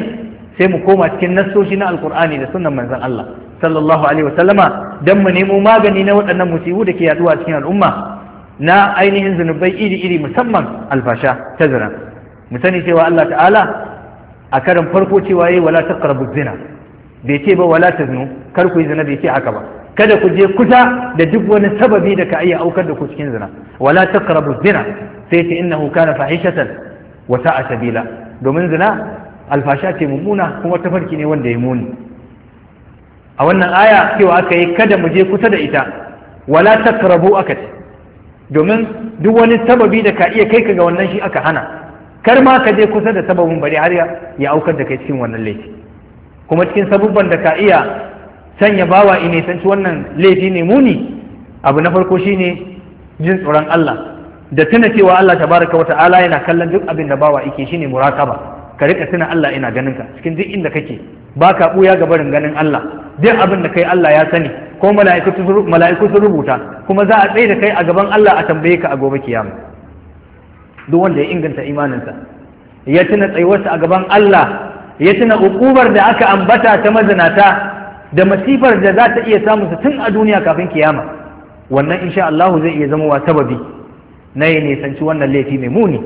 A: sai mu koma cikin nassoshi na alkur'ani da sunnan manzon Allah sallallahu alaihi wasallama dan mu nemo magani na waɗannan musibu da ke yaduwa cikin al'umma na ainihin zunubai iri-iri musamman alfasha ta zina mu sani cewa Allah ta'ala a karan farko cewa yayi wala taqrabu zina bai ce ba wala taznu kar ku yi zina bai ce haka ba kada ku je kusa da duk wani sababi da ka iya aukar da ku cikin zina wala taqrabu zina sai ce innahu kana fahishatan wa sa'a sabila domin zina alfasha ce mummuna kuma farki ne wanda ya muni a wannan aya cewa aka yi kada mu je kusa da ita wala takrabu aka ce domin duk wani sababi da ka iya kai ka ga wannan shi aka hana kar ma ka je kusa da sababin bari har ya aukar da kai cikin wannan laifi kuma cikin sabubban da ka iya sanya bawa ine sanci wannan laifi ne muni abu na farko shine jin tsoron Allah da tuna cewa Allah tabaraka wa ta'ala yana kallon duk abin da bawa yake shine murakaba ka riƙa tuna Allah ina ganin ka cikin duk inda kake ba ka buya ga barin ganin Allah duk abin da kai Allah ya sani ko mala'iku sun rubuta kuma za a tsaye da kai a gaban Allah a tambaye ka a gobe kiyama duk wanda ya inganta imaninsa ya tuna tsayuwarsa a gaban Allah ya tuna hukumar da aka ambata ta mazinata da masifar da za ta iya samu su tun a duniya kafin kiyama wannan insha Allah zai iya zama wa sababi na ya nisanci wannan laifi mai muni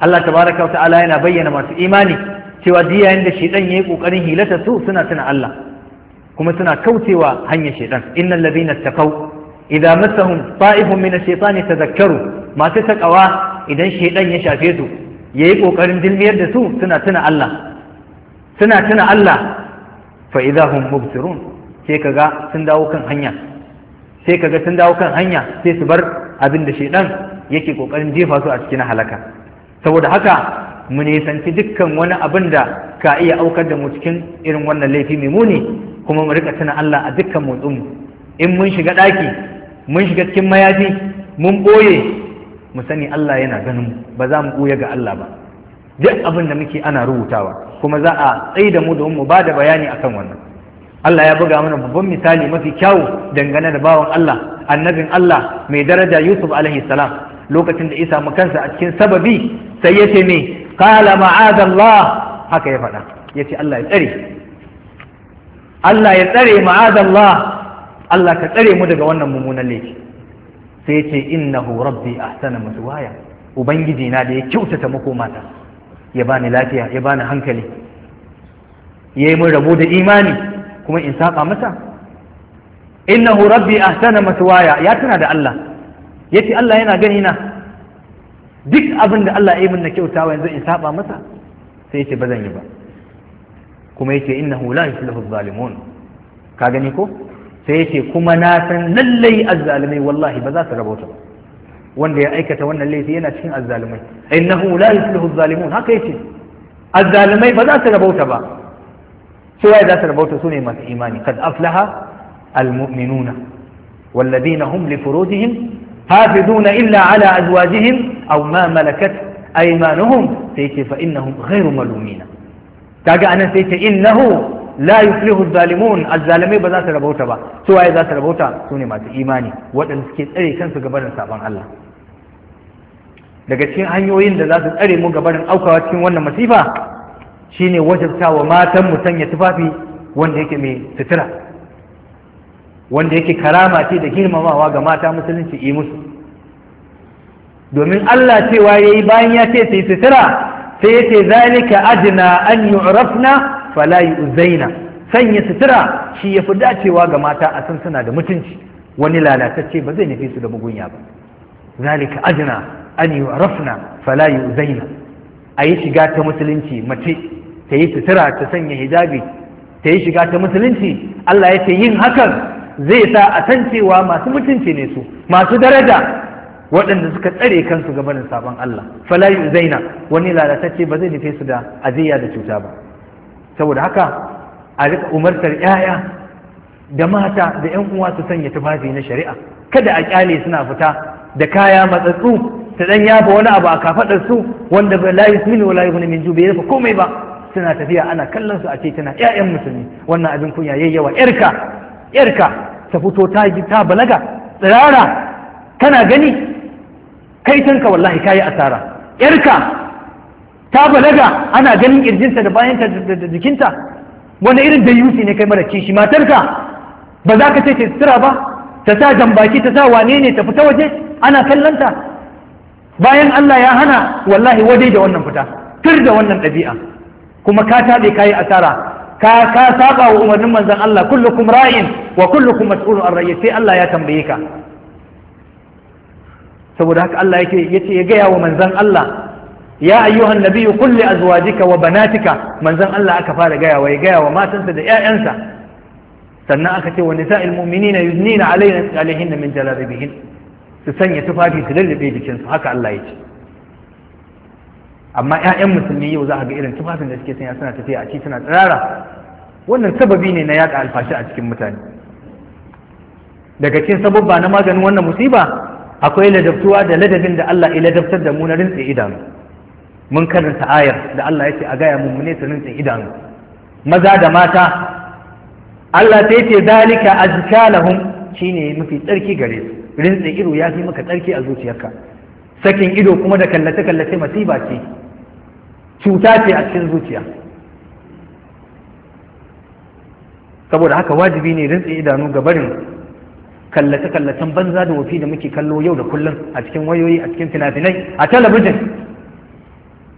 A: Allah tabaraka wa ta'ala yana bayyana masu imani cewa diyayen da shedan yayi kokarin hilata su suna tuna Allah kuma suna kaucewa hanyar shedan innal ladina taqaw idza massahum ta'ifun min ash-shaytani tadhakkaru masu takawa idan shedan ya shafe su yayi kokarin dilmiyar da su suna tuna Allah suna tuna Allah fa idza hum mubsirun sai kaga sun dawo kan hanya sai kaga sun dawo kan hanya sai su bar abin da shedan yake kokarin jefa su a cikin halaka saboda haka mu nisanci dukkan wani abin da ka iya aukar da mu cikin irin wannan laifi mai muni kuma mu rika tuna Allah a dukkan motsin in mun shiga ɗaki mun shiga cikin mayafi mun ɓoye mu sani Allah yana ganin mu ba za mu ɓoye ga Allah ba duk abin da muke ana rubutawa kuma za a tsaye da mu domin mu ba da bayani akan wannan Allah ya buga mana babban misali mafi kyawu dangane da bawan Allah annabin Allah mai daraja Yusuf alaihi salam lokacin da isa mu kansa a cikin sababi sai yace ne kala ma'adallah haka ya faɗa yace Allah ya tsare
B: Allah ya tsare ma'adallah
A: Allah ka tsare mu daga wannan mummunan laifi sai yace innahu rabbi ahsana maswaya ubangiji na da ya kyautata mata, ya bani lafiya ya bani hankali ya yi mun rabo da imani kuma in saba masa innahu rabbi ahsana maswaya ya tuna da Allah yace Allah yana gani na duk abin da Allah ya yi min na kyautawa yanzu in saba masa sai yace ba zan yi ba kuma yace innahu la yuflihu zalimun ka gani ko sai yace kuma na san lallai azzalimai wallahi ba za su rabauta ba wanda ya aikata wannan laifi yana cikin azzalimai innahu la yuflihu zalimun haka yace azzalimai ba za su rabauta ba sai waye za su rabauta su ne masu imani kad aflaha almu'minuna والذين هم لفروجهم hafizuna illa ala azwajihin aw ma malakat aymanuhum sai ce fa innahum ghairu malumina kaga anan sai ce innahu la yuflihu zalimun azzalimai ba za su rabauta ba su waye za su rabauta su ne masu imani waɗanda suke tsare kansu ga sabon Allah daga cikin hanyoyin da za su tsare mu ga barin aukawa cikin wannan masifa shine wajabtawa matan mu sanya tufafi wanda yake mai sutura wanda yake karama ce da girmamawa ga mata musulunci yi musu domin Allah cewa yi bayan ya ce sai sutura sai ya ce zalika ajina an yi rafna fala uzaina sanya sutura shi ya fi dacewa ga mata a san suna da mutunci wani lalatacce ba zai nufi su da mugunya ba zalika ajina an yi rafna falayi uzaina a yi shiga ta musulunci mace ta yi sutura ta sanya hijabi ta yi shiga ta musulunci Allah ya ce yin hakan zai sa a san cewa masu mutunci ne su masu daraja waɗanda suka tsare kansu gabanin sabon Allah fala zaina wani lalatacce ba zai nufe su da aziya da cuta ba saboda haka a rika umartar 'ya'ya da mata da 'yan uwa su sanya tufafi na shari'a kada a kyale suna fita da kaya matsatsu ta dan yafa wani abu a kafadar su wanda ba la yusmin wala yughni min jubi ya komai ba suna tafiya ana kallon su a ce tana 'ya'yan musulmi wannan abin kunya yayyawa yarka yarka ta fito ta ta balaga tsirara kana gani kai tanka wallahi kayi asara yarka ta balaga ana ganin ƙirjinta da bayanta da jikinta wani irin da yusi ne kai mara kishi matarka ba za ka ce ta sutura ba ta sa jambaki ta sa wane ne ta fita waje ana kallanta bayan Allah ya hana wallahi wadai da wannan fita tur da wannan ɗabi'a kuma ka taɓe kayi asara ka ka saba wa umarnin manzon Allah kullukum ra'in wa kullukum mas'ulun an ra'yi sai Allah ya tambaye ka saboda haka Allah yake yace ya gaya wa manzon Allah ya ayyuhan nabiyyu qul li azwajika wa banatika manzon Allah aka fara gaya wa ya gaya wa matansa da ƴaƴansa sannan aka ce wa nisa'il mu'minina yuznina alayna alayhinna min jalabibihin su sanya tufafi su lallabe jikinsu haka Allah yake amma 'ya'yan musulmi yau za a ga irin tufafin da suke sanya suna tafiya a ci suna tsirara wannan sababi ne na yaƙa alfashi a cikin mutane daga cikin sababba na maganin wannan musiba akwai ladabtuwa da ladabin da Allah ya ladabtar da mu na rintse idanu mun karanta ayar da Allah ya ce a gaya mu ne su rintse idanu maza da mata
B: Allah sai ce zalika azka lahum
A: shine mafi tsarki gare su rintse ido ya fi maka tsarki a zuciyarka sakin ido kuma da kallace kallace masiba ce cuta ce a cikin zuciya saboda haka wajibi ne rintsi idanu ga barin kallace-kallacen banza da wafi da muke kallo yau da kullum a cikin wayoyi a cikin finafinai a talabijin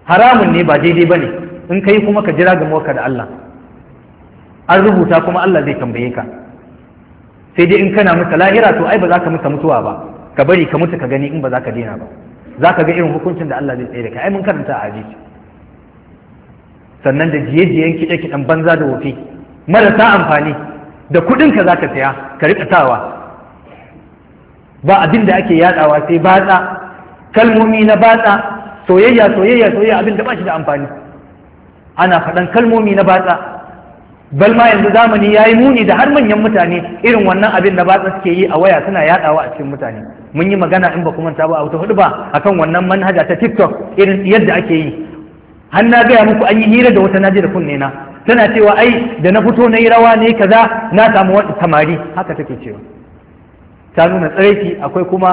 A: haramun ne ba daidai ba ne in kai kuma ka jira gamuwarka da Allah an rubuta kuma Allah zai tambaye ka sai dai in kana mutu lahira to ai ba za ka mutu mutuwa ba ka bari ka mutu ka gani in ba za ka daina ba za ka ga irin hukuncin da Allah zai tsaye da ka ai mun karanta a hadisi sannan da jiye-jiyen kiɗe-kiɗen banza da wofi marasa amfani da kuɗin ka zaka saya ka riƙa sawa ba abin da ake yaɗawa sai batsa kalmomi na batsa soyayya soyayya soyayya abin da ba shi da amfani ana faɗan kalmomi na batsa bal ma yanzu zamani ya yi muni da har manyan mutane irin wannan abin da batsa suke yi a waya suna yaɗawa a cikin mutane mun yi magana in ba kuma ta ba a wata hudu ba akan wannan manhaja ta tiktok irin yadda ake yi an na gaya muku an yi hira da wata naji da kunne na tana cewa ai da na fito na yi rawa ne kaza na samu wata samari haka take cewa ta nuna tsaraiki akwai kuma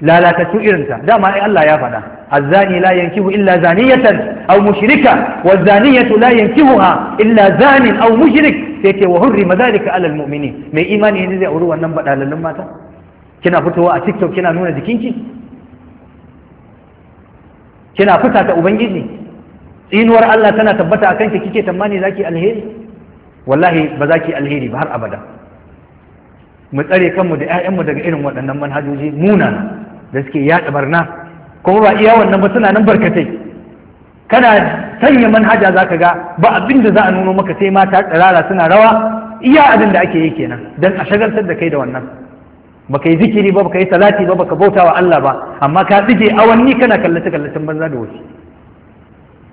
A: lalatattu ta, dama ai Allah ya faɗa azzani la yankihu illa zaniyatan aw mushrika wa zaniyatu la yankihuha illa zanin aw mushrik sai ce wa hurri madalika alal mu'minin mai imani ne zai auri wannan badalallin mata kina fitowa a tiktok kina nuna jikin ki kina fusata ubangiji tsinuwar Allah tana tabbata a kanka kike tamani zaki alheri wallahi ba za ki alheri ba har abada mu tsare kanmu da 'ya'yanmu daga irin waɗannan manhajoji munana da suke yaɗa barna kuma ba iya wannan ba suna nan barkatai kana sanya manhaja za ka ga ba abin da za a nuno maka sai mata tsirara suna rawa iya abin da ake yi kenan don a shagaltar da kai da wannan baka yi zikiri ba baka yi salati ba baka bauta wa Allah ba amma ka tsige awanni kana kallace kallacen banza da wasu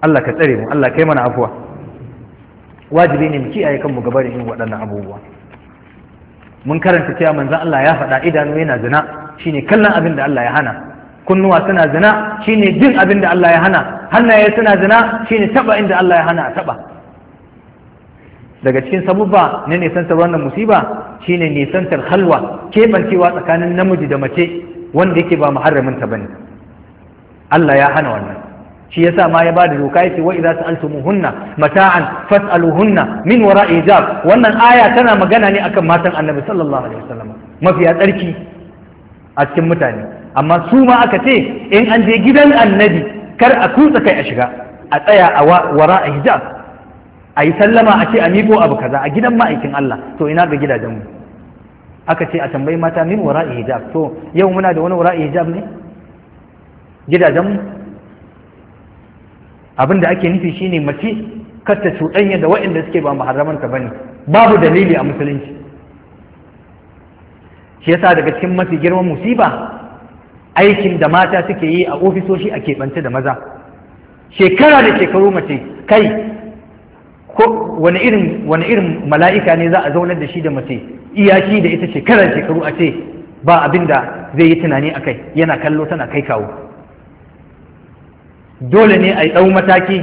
A: Allah ka tsare mu Allah kai mana afuwa wajibi ne mu kiyaye kanmu gaba da yin waɗannan abubuwa mun karanta cewa manzon Allah ya faɗa idanu yana zina shine kallon abin da Allah ya hana kunnuwa suna zina shine jin abin da Allah ya hana hannaye suna zina shine taba inda Allah ya hana a taba daga cikin sabubba na nisantar wannan musiba shine nisantar halwa keɓancewa tsakanin namiji da mace wanda yake ba muharramin ta bane Allah ya hana wannan shi yasa ma ya bada doka yace wa idza sa'altumuhunna mata'an fas'aluhunna min wara'i hijab wannan aya tana magana ne akan matan Annabi sallallahu alaihi wasallam mafiya tsarki a cikin mutane amma su ma aka ce in an je gidan Annabi kar a kutsa kai a shiga a tsaya a wara'a hijab a yi sallama a ce a miƙo abu kaza a gidan ma'aikin Allah to ina ga gidajenmu aka ce a tambayi mata min wara'i hijab to yau muna da wani wara'i hijab ne gidajenmu abin da ake nufi shine mace kar ta cuɗanya da waɗanda suke ba muharramanta bane babu dalili a musulunci shi yasa daga cikin mafi girman musiba aikin da mata suke yi a ofisoshi a keɓance da maza shekara da shekaru mace kai ko wani irin wani irin mala'ika ne za a zaunar da shi da mace iyaki da ita shekarar shekaru a ce ba abin da zai yi tunani a kai yana kallo tana kai kawo dole ne a yi ɗau mataki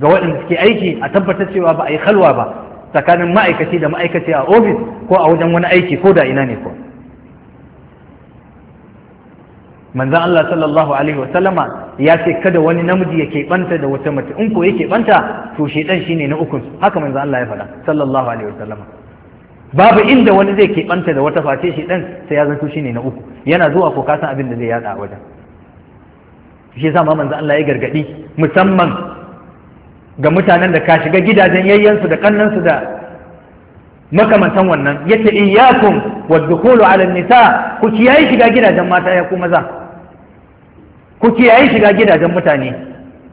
A: ga waɗanda suke aiki a tabbatar cewa ba a yi halwa ba tsakanin ma'aikaci da ma'aikaci a ofis ko a wajen wani aiki ko da ina ne ko manzan Allah sallallahu alaihi wasallama ya ce kada wani namiji ya keɓanta da wata mace in ko ya keɓanta to shaidan shine na ukun haka manzo Allah ya faɗa sallallahu alaihi wasallam babu inda wani zai ke keɓanta da wata face shaidan sai ya zanto shine na uku yana zuwa ko kasan abin da zai yada a wajen shi yasa ma manzo Allah ya gargadi musamman ga mutanen da ka shiga gidajen yayyansu da kannansu da makamantan wannan yace iyyakum wadkhulu ala nisa ku kiyaye shiga gidajen mata ya ku maza ku kiyaye shiga gidajen mutane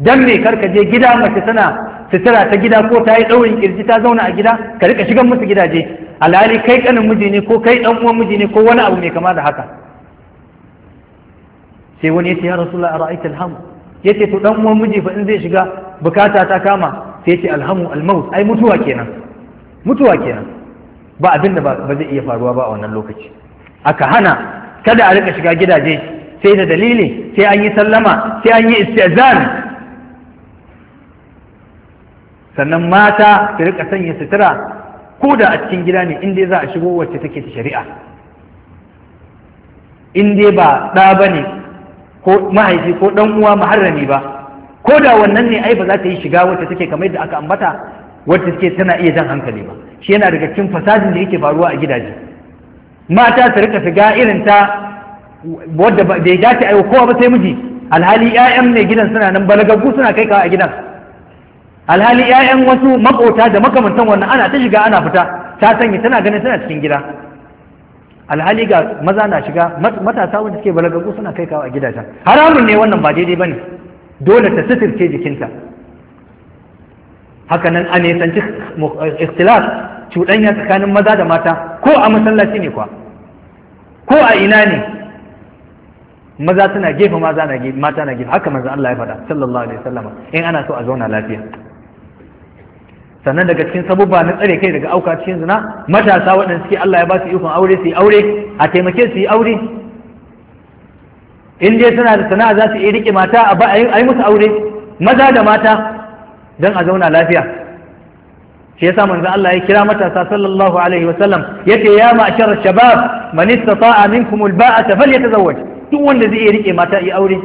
A: dan me karka je gida mace tana sutura ta gida ko ta yi ɗaurin kirji ta zauna a gida ka rika shigan musu gidaje alhali kai kanin miji ne ko kai dan uwan miji ne ko wani abu mai kama da haka sai wani ya ce ya rasulullah ara'aita alhamu yace to dan uwan miji fa in zai shiga bukata ta kama sai ce alhamu almaut ai mutuwa kenan mutuwa kenan ba abinda ba zai iya faruwa ba a wannan lokaci aka hana kada a rika shiga gidaje sai da dalili sai an yi sallama sai an yi istizan sannan mata su rika sanya sutura ko da a cikin gida ne inda za a shigo wacce take ta shari'a inda ba ɗa ba ko mahaifi ko ɗan uwa maharrami ba ko da wannan ne ai ba za ta yi shiga wacce take kamar yadda aka ambata wacce take tana iya jan hankali ba shi yana daga cikin fasadin da yake faruwa a gidaje mata su rika shiga irin ta wadda bai dace ayi kowa ba sai miji alhali ƴaƴan mai gidan suna nan balagaggu suna kai kawa a gidan alhali ƴaƴan wasu makota da makamantan wannan ana ta shiga ana fita ta sanya tana ganin tana cikin gida alhali ga maza na shiga matasa wanda suke balagaggu suna kai kawa a gidajen haramun ne wannan ba daidai bane dole ta sitirce jikinta haka nan a nesanci ikhtilaf cuɗanya tsakanin maza da mata ko a masallaci ne kuwa ko a ina ne maza suna gefe maza na gefe mata na gefe haka manzo Allah ya faɗa sallallahu alaihi wasallam in ana so a zauna lafiya sannan daga cikin sabubba na tsare kai daga auka cikin zina matasa waɗanda suke Allah ya ba su ikon aure su yi aure a taimake su yi aure in dai suna da sana'a za su iya rike mata a ba a yi musu aure maza da mata don a zauna lafiya shi yasa manzo Allah ya kira matasa sallallahu alaihi wasallam yace ya ma'shar shabab man istata'a minkum al-ba'ata falyatazawwaj duk wanda zai iya rike mata yi aure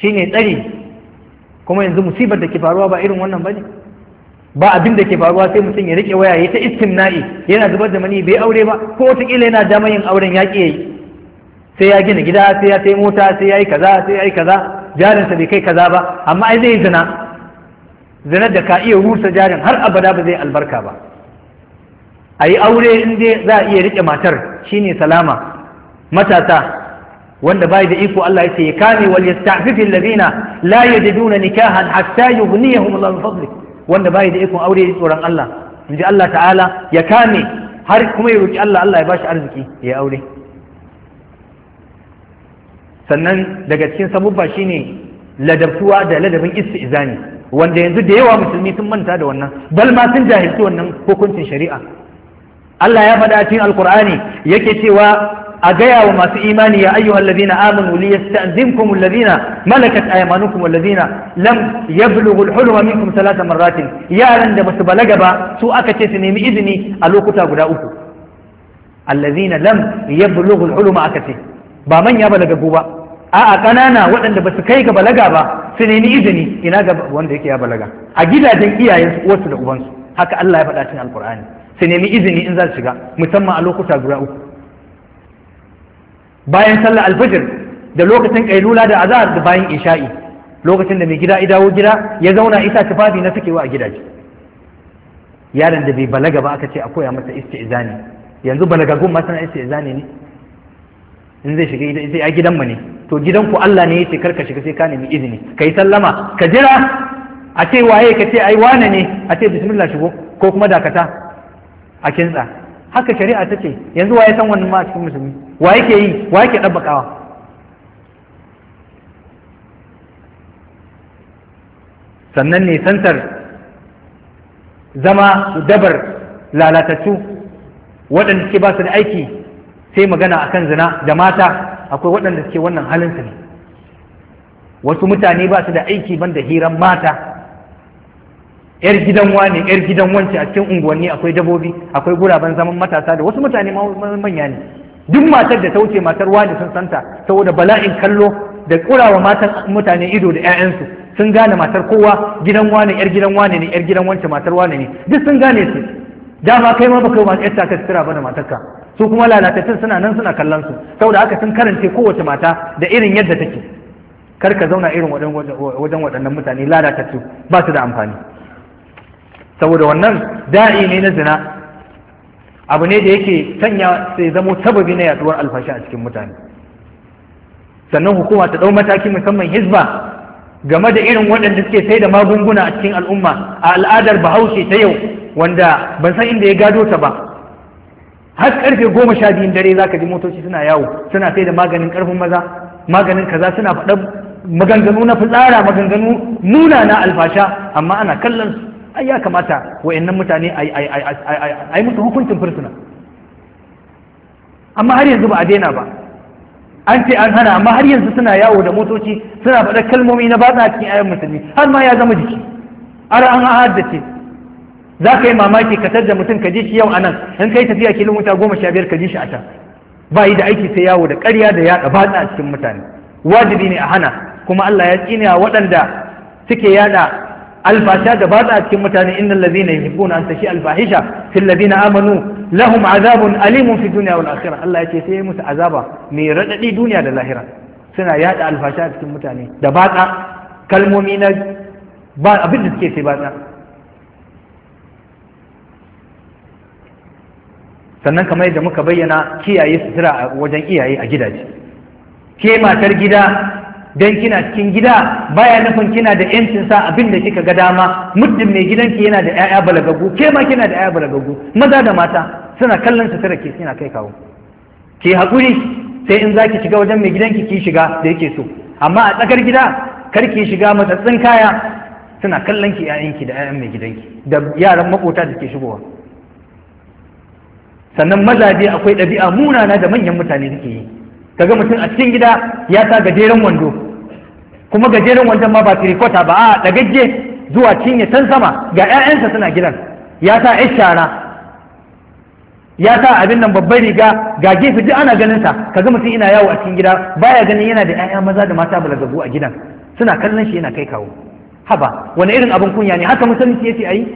A: shine tsari kuma yanzu musibar da ke faruwa ba irin wannan bane ba abin da ke faruwa sai mutum ya rike waya ya ta na'i yana zubar da mani bai aure ba ko wataƙila yana dama yin auren ya ƙi yayi sai ya gina gida sai ya sai mota sai ya yi kaza sai ya yi kaza jarinsa bai kai kaza ba amma ai zai zina zina da ka iya rusa jarin har abada ba zai albarka ba a yi aure in dai za a iya rike matar shine salama matasa wanda bai da iko Allah yace ya kame wal yasta'fifu alladhina la yajiduna nikahan hatta yughniyahum Allah min fadli wanda bai da iko aure da tsoron Allah inji Allah ta'ala ya kame har kuma ya roki Allah Allah ya bashi arziki ya aure sannan daga cikin sabubba shine ladabtuwa da ladabin istizani wanda yanzu da yawa musulmi sun manta da wannan bal ma sun jahilci wannan hukuncin shari'a Allah ya faɗa cikin alkur'ani yake cewa a gaya wa masu imani ya ayyuhal ladina amanu li yasta'zinkum alladina malakat aymanukum alladina lam yablughu al-hulma minkum thalatha marratin yaran da basu balaga ba su aka ce su nemi izini a lokuta guda uku alladina lam yablughu al aka ce ba manya balaga ba a'a kanana waɗanda basu kai ga balaga ba su nemi izini ina ga wanda yake ya balaga a gidajen iyayensu wasu da ubansu haka Allah ya faɗa cikin alqur'ani su nemi izini in za su shiga musamman a lokuta guda uku bayan sallar alfajir da lokacin kailula da azar da bayan isha'i lokacin da mai gida ya dawo gida ya zauna isa tufafi na sakewa a gidaje yaron da bai balaga ba aka ce a koya masa istizani yanzu balagagun masana istizani ne in zai shiga sai a gidan mu ne to gidan ku Allah ne yace karka shiga sai ka nemi izini kai sallama ka jira a ce waye ka ce ai wane ne a ce bismillah shigo ko kuma dakata a kinsa. haka shari'a ta ce yanzu wa ya san wannan ma a cikin musulmi wa yake yi wa yake ɗabbakawa sannan ne santar zama dabar lalatattu waɗanda suke ba su da aiki sai magana akan zina da mata akwai waɗanda suke wannan halinsu ne wasu mutane ba su da aiki ban da hiran mata yar gidan wane yar gidan wance a cikin unguwanni akwai dabobi akwai guraben zaman matasa da wasu mutane manya ne duk matar da ta wuce matar wane sun santa saboda bala'in kallo da kurawa matan mutane ido da 'ya'yansu sun gane matar kowa gidan wane yar gidan wane ne yar gidan wance matar wane ne duk sun gane su dama kai ma baka ma yar ta tsira ba da matarka su kuma lalatattun suna nan suna kallon su saboda haka sun karance kowace mata da irin yadda take kar ka zauna irin wajen waɗannan mutane lalatattu ba su da amfani saboda wannan da'i ne na zina abu ne da yake sanya sai zamo sababi na yaduwar alfashi a cikin mutane sannan hukuma ta ɗau mataki musamman hizba game da irin waɗanda suke sai da magunguna a cikin al'umma a al'adar bahaushe ta yau wanda ban san inda ya gado ta ba har karfe goma sha biyun dare zaka ji motoci suna yawo suna sai da maganin karfin maza maganin kaza suna faɗa maganganu na fitsara maganganu nuna na alfasha amma ana kallon su ai ya kamata wayannan mutane a yi musu hukuncin fursuna amma har yanzu ba a daina ba
B: an ce an hana amma har
A: yanzu suna yawo da motoci suna faɗa kalmomi na batsa cikin ayan musulmi har ma ya zama jiki har an haddace za ka yi mamaki ka tarda mutum ka ji shi yau anan in kai tafiya kilomita goma sha biyar ka ji shi a can ba yi da aiki sai yawo da ƙarya da yaɗa batsa a cikin mutane wajibi ne a hana kuma Allah ya tsine waɗanda suke yaɗa alfasha gaba da cikin mutane innal ladina yuhibbuna an tashi alfahisha fil ladina amanu lahum azabun alimun fi dunya wal akhirah Allah yace sai yayi musu azaba mai radadi duniya da lahira suna yada alfasha cikin mutane da bada kalmomi na ba abin da suke sai bada sannan kamar yadda muka bayyana kiyaye sutura wajen iyaye a gidaje ke matar gida dan kina cikin gida baya nufin kina da yancin sa abin da kika ga dama muddin mai gidanki yana da 'ya'ya balagagu ke ma kina da 'ya'ya balagagu maza da mata suna kallon su tare ke kina kai kawo ki hakuri sai in zaki shiga wajen mai gidanki ki shiga da yake so amma a tsakar gida kar ki shiga matsatsin kaya suna kallon ki 'ya'yanki da 'ya'yan mai gidanki da yaran makota da ke shigowa sannan mazaje akwai ɗabi'a munana da manyan mutane suke yi kaga mutum a cikin gida ya sa gajeren wando kuma gajeren wandan ma ba tirikota ba a dagagge zuwa cinye can sama ga 'ya'yansa suna gidan ya sa yan shara ya sa abin nan babbar riga ga gefe duk ana ganin sa kaga mutum ina yawo a cikin gida baya ganin yana da 'ya'ya maza da mata balagagu a gidan suna kallon shi yana kai kawo haba wani irin abin kunya ne haka musulunci yace ayi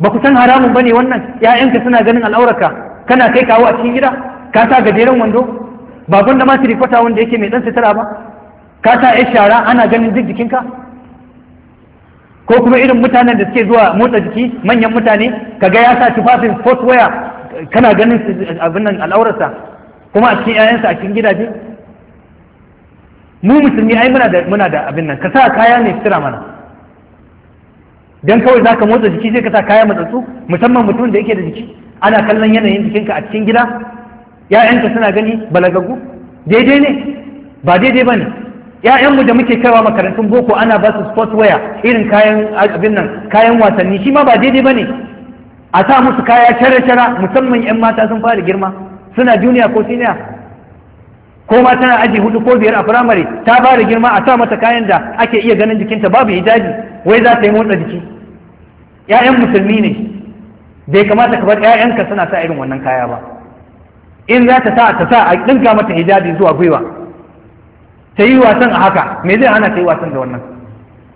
A: ba ku san haramun bane wannan 'ya'yanka suna ganin al'aurarka kana kai kawo a cikin gida ka sa gajeren wando ba da ma tirikota wanda yake mai dan sitara ba ka sa ya shara ana ganin duk jikinka ko kuma irin mutanen da suke zuwa motsa jiki manyan mutane ka ga ya sa tufafin sportswear kana ganin abin nan al'aurarsa kuma a cikin 'ya'yansa a cikin gidaje mu musulmi ai muna da muna da abin nan ka sa kaya ne sutura mana dan kawai zaka motsa jiki sai ka sa kaya matsatsu musamman mutum da yake da jiki ana kallon yanayin jikinka a cikin gida ya'yanka suna gani balagaggu daidai ne ba daidai bane ‘ya'yanmu da muke kaiwa makarantun boko ana ba su sportswear irin kayan abin nan kayan wasanni shi ma ba daidai ba ne a sa musu kaya cara-cara musamman ‘yan mata sun fara girma suna junior ko senior ko ma tana aji hudu ko biyar a firamare ta fara girma a sa mata kayan da ake iya ganin jikinta babu hijabi wai za ta yi motsa jiki ‘ya'yan musulmi ne bai kamata ka bar ‘ya'yanka suna sa irin wannan kaya ba in za ta sa ta sa a ɗinka mata hijabi zuwa gwiwa ta yi wasan a haka me zai hana ta yi wasan da wannan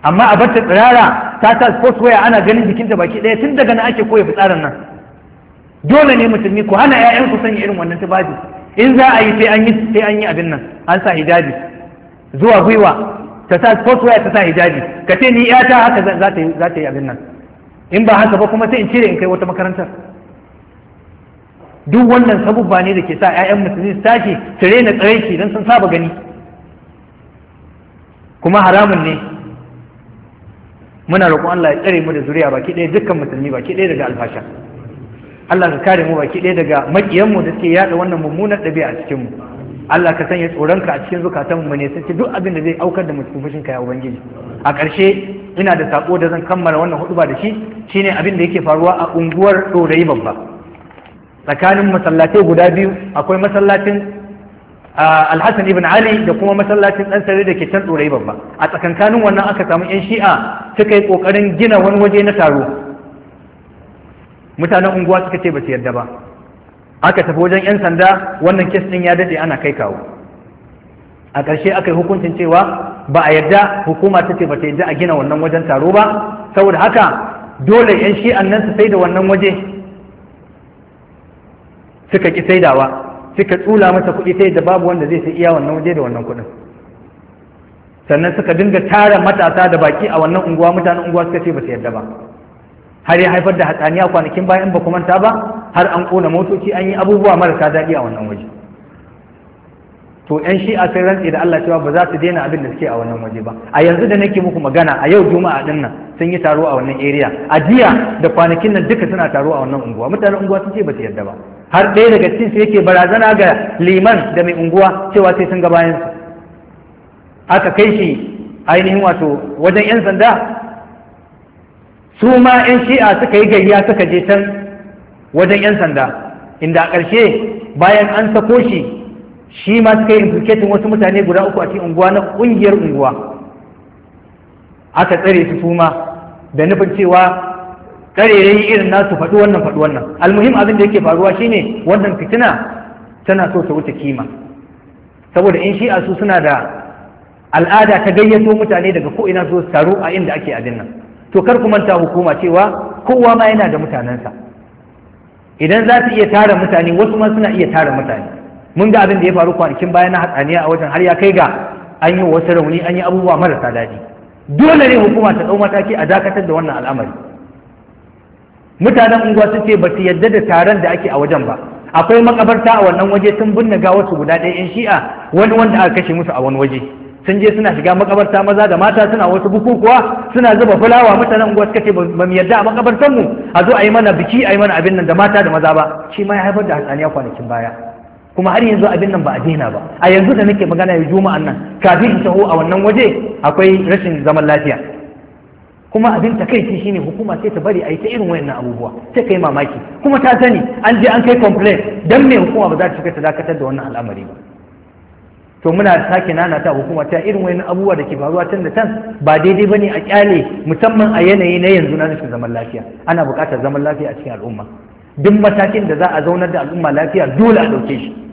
A: amma a bar ta tsirara ta ta sports wear ana ganin jikinta baki ɗaya tun daga nan ake koya fitsarin nan dole ne musulmi ku hana 'ya'yanku sanya irin wannan tufafi in za a yi sai an yi sai an yi abin nan an sa hijabi zuwa gwiwa ta sa sports wear ta sa hijabi ka ce ni ƴata haka za ta yi za ta yi abin nan in ba haka ba kuma sai in cire in kai wata makarantar duk wannan sabubba ne da ke sa 'ya'yan musulmi su tashi su rena tsiraiki don sun saba gani kuma haramun ne muna roƙon Allah ya tsare mu da zuriya baki ɗaya dukkan musulmi baki ɗaya daga alfasha Allah ka kare mu baki ɗaya daga maƙiyan mu da suke yaɗa wannan mummunan ɗabi'a a cikin mu Allah ka sanya tsoronka a cikin zukatan mu ne sai duk abin da zai aukar da mu cikin ka ya ubangiji a ƙarshe ina da sako da zan kammala wannan hudu da shi shine abin da yake faruwa a unguwar Dorayi babba tsakanin masallatai guda biyu akwai masallacin alhassan ibn ali da kuma masallacin dan sare da ke can tsorai babba a tsakankanin wannan aka samu yan shi'a suka yi ƙoƙarin gina wani waje na taro mutanen unguwa suka ce ba su yarda ba aka tafi wajen yan sanda wannan kes ɗin ya dade ana kai kawo a ƙarshe aka yi hukuncin cewa ba a yarda hukuma ta ce ba ta yarda a gina wannan wajen taro ba saboda haka dole yan shi'an nan su sai da wannan waje suka ƙi saidawa suka tsula masa kuɗi ta yadda babu wanda zai sai iya wannan waje da wannan kuɗin sannan suka dinga tara matasa da baki a wannan unguwa mutanen unguwa suka ce ba su yadda ba har ya haifar da hatsaniya kwanakin bayan ba ku manta ba har an ƙona motoci an yi abubuwa marasa daɗi a wannan waje to yan shi'a sai rantsi da Allah cewa ba za su daina abin da suke a wannan waje ba a yanzu da nake muku magana a yau juma'a din nan sun yi taro a wannan area a jiya da kwanakin nan duka suna taro a wannan unguwa mutanen unguwa sun ce ba su yarda ba har ɗaya daga cikin su yake barazana ga liman da mai unguwa cewa sai sun ga bayan su aka kai shi ainihin wato wajen yan sanda su ma yan shi'a suka yi gayya suka je can wajen yan sanda inda a ƙarshe bayan an sako shi shi ma suka yi implicating wasu mutane guda uku a cikin unguwa na ƙungiyar unguwa aka tsare su su ma da nufin cewa ƙarerayi irin nasu faɗi wannan faɗi wannan almuhim abin da yake faruwa shine wannan fitina tana so ta wuce kima saboda in a su suna da al'ada ta gayyato mutane daga ko ko'ina su taru a inda ake abin nan to kar ku manta hukuma cewa kowa ma yana da mutanensa idan za su iya tara mutane wasu ma suna iya tara mutane mun ga abin da ya faru kwanakin bayan na hatsaniya a wajen har ya kai ga an yi wasu rauni an yi abubuwa marasa daɗi dole ne hukuma ta ɗau mataki a dakatar da wannan al'amari mutanen unguwa sun ce ba su yadda da taron da ake a wajen ba akwai makabarta a wannan waje sun binne ga wasu guda ɗaya yan shi'a wani wanda aka kashe musu a wani waje sun je suna shiga makabarta maza da mata suna wasu bukukuwa suna zuba fulawa mutanen unguwa suka ce ba mu yadda a makabartanmu a zo a yi mana biki a yi mana abin nan da mata da maza ba shi ma ya haifar da hatsaniya kwanakin baya kuma har yanzu abin nan ba a daina ba a yanzu da nake magana ya juma'an nan kafin in taho a wannan waje akwai rashin zaman lafiya kuma abin takaici shine hukuma sai ta bari a yi ta irin wayannan abubuwa sai kai mamaki kuma ta sani an je an kai complaint dan me hukuma ba za ta shiga ta dakatar da wannan al'amari ba to muna sake nana ta hukuma ta irin wayannan abubuwa da ke faruwa tun da tan ba daidai bane a kyale musamman a yanayi na yanzu na rashin zaman lafiya ana buƙatar zaman lafiya a cikin al'umma duk matakin da za a zaunar da al'umma lafiya dole a ɗauke shi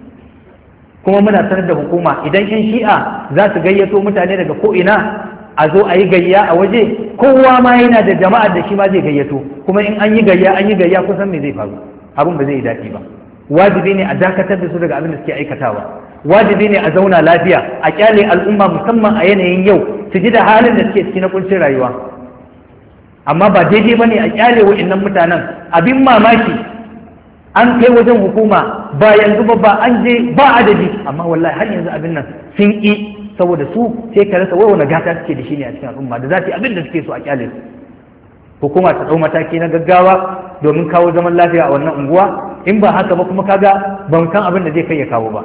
A: kuma muna sanar da hukuma idan yan shi'a za su gayyato mutane daga ko ina a zo a yi gayya a waje kowa ma yana da jama'ar da shi ma zai gayyato kuma in an yi gayya an yi gayya kusan me zai faru abin ba zai yi daɗi ba wajibi ne a dakatar da su daga abin da suke aikatawa wajibi ne a zauna lafiya a kyale al'umma musamman a yanayin yau su ji da halin da suke ciki na kuncin rayuwa amma ba daidai ba ne a kyale wa'annan mutanen abin mamaki an kai wajen hukuma ba yanzu ba ba an je ba adadi amma wallahi har yanzu abin nan sun yi saboda su sai ka rasa wani gata suke da shi ne a cikin al'umma da za ta yi abin da suke so a kyale su hukuma ta ɗau mataki na gaggawa domin kawo zaman lafiya a wannan unguwa in ba haka ba kuma kaga ban san abin da zai kai ya kawo ba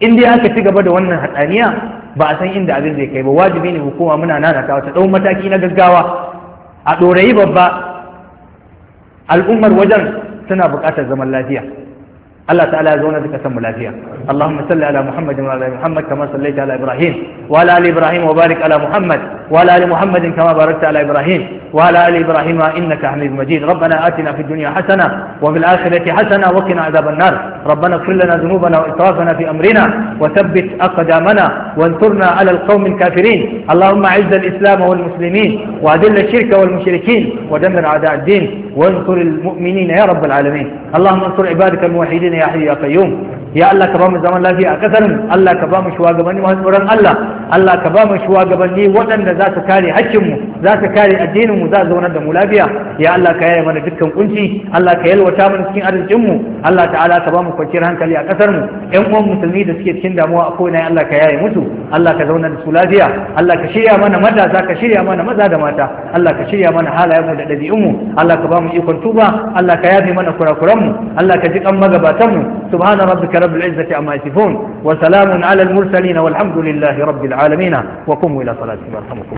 A: in dai aka ci gaba da wannan hatsaniya ba a san inda abin zai kai ba wajibi ne hukuma muna nanatawa ta ɗau mataki na gaggawa a ɗorayi babba al'ummar wajen suna buƙatar zaman lafiya الله تعالى يزونا بك سم اللهم صل على محمد وعلى آل محمد كما صليت على إبراهيم وعلى آل إبراهيم وبارك على محمد وعلى آل محمد كما باركت على إبراهيم وعلى آل إبراهيم إنك حميد مجيد ربنا آتنا في الدنيا حسنة وفي الآخرة حسنة وقنا عذاب النار ربنا اغفر لنا ذنوبنا وإسرافنا في أمرنا وثبت أقدامنا وانصرنا على القوم الكافرين اللهم أعز الإسلام والمسلمين وأذل الشرك والمشركين ودمر أعداء الدين وانصر المؤمنين يا رب العالمين اللهم انصر عبادك الموحدين ya hayyu ya qayyum ya Allah ka ba mu zaman lafiya a kasar mu Allah ka ba mu shugabanni masu tsoron Allah Allah ka ba mu shugabanni waɗanda za su kare hakkin mu za su kare addinin mu za su zauna da mu lafiya ya Allah ka yaya mana dukkan kunci Allah ka yalwata mana cikin arzikin mu Allah ta'ala ka ba mu kwanciyar hankali a kasar mu ƴan uwan musulmi da suke cikin damuwa a kowane Allah ka yaye mutu? Allah ka zauna da su lafiya Allah ka shirya mana matasa ka shirya mana maza da mata Allah ka shirya mana halayen mu da ɗabi'un mu Allah ka ba mu ikon tuba Allah ka yafe mana kurakuran mu Allah ka ji kan magabatan سلام سبحان ربك رب العزة عما يصفون وسلام على المرسلين والحمد لله رب العالمين وقوموا إلى صلاتكم يرحمكم الله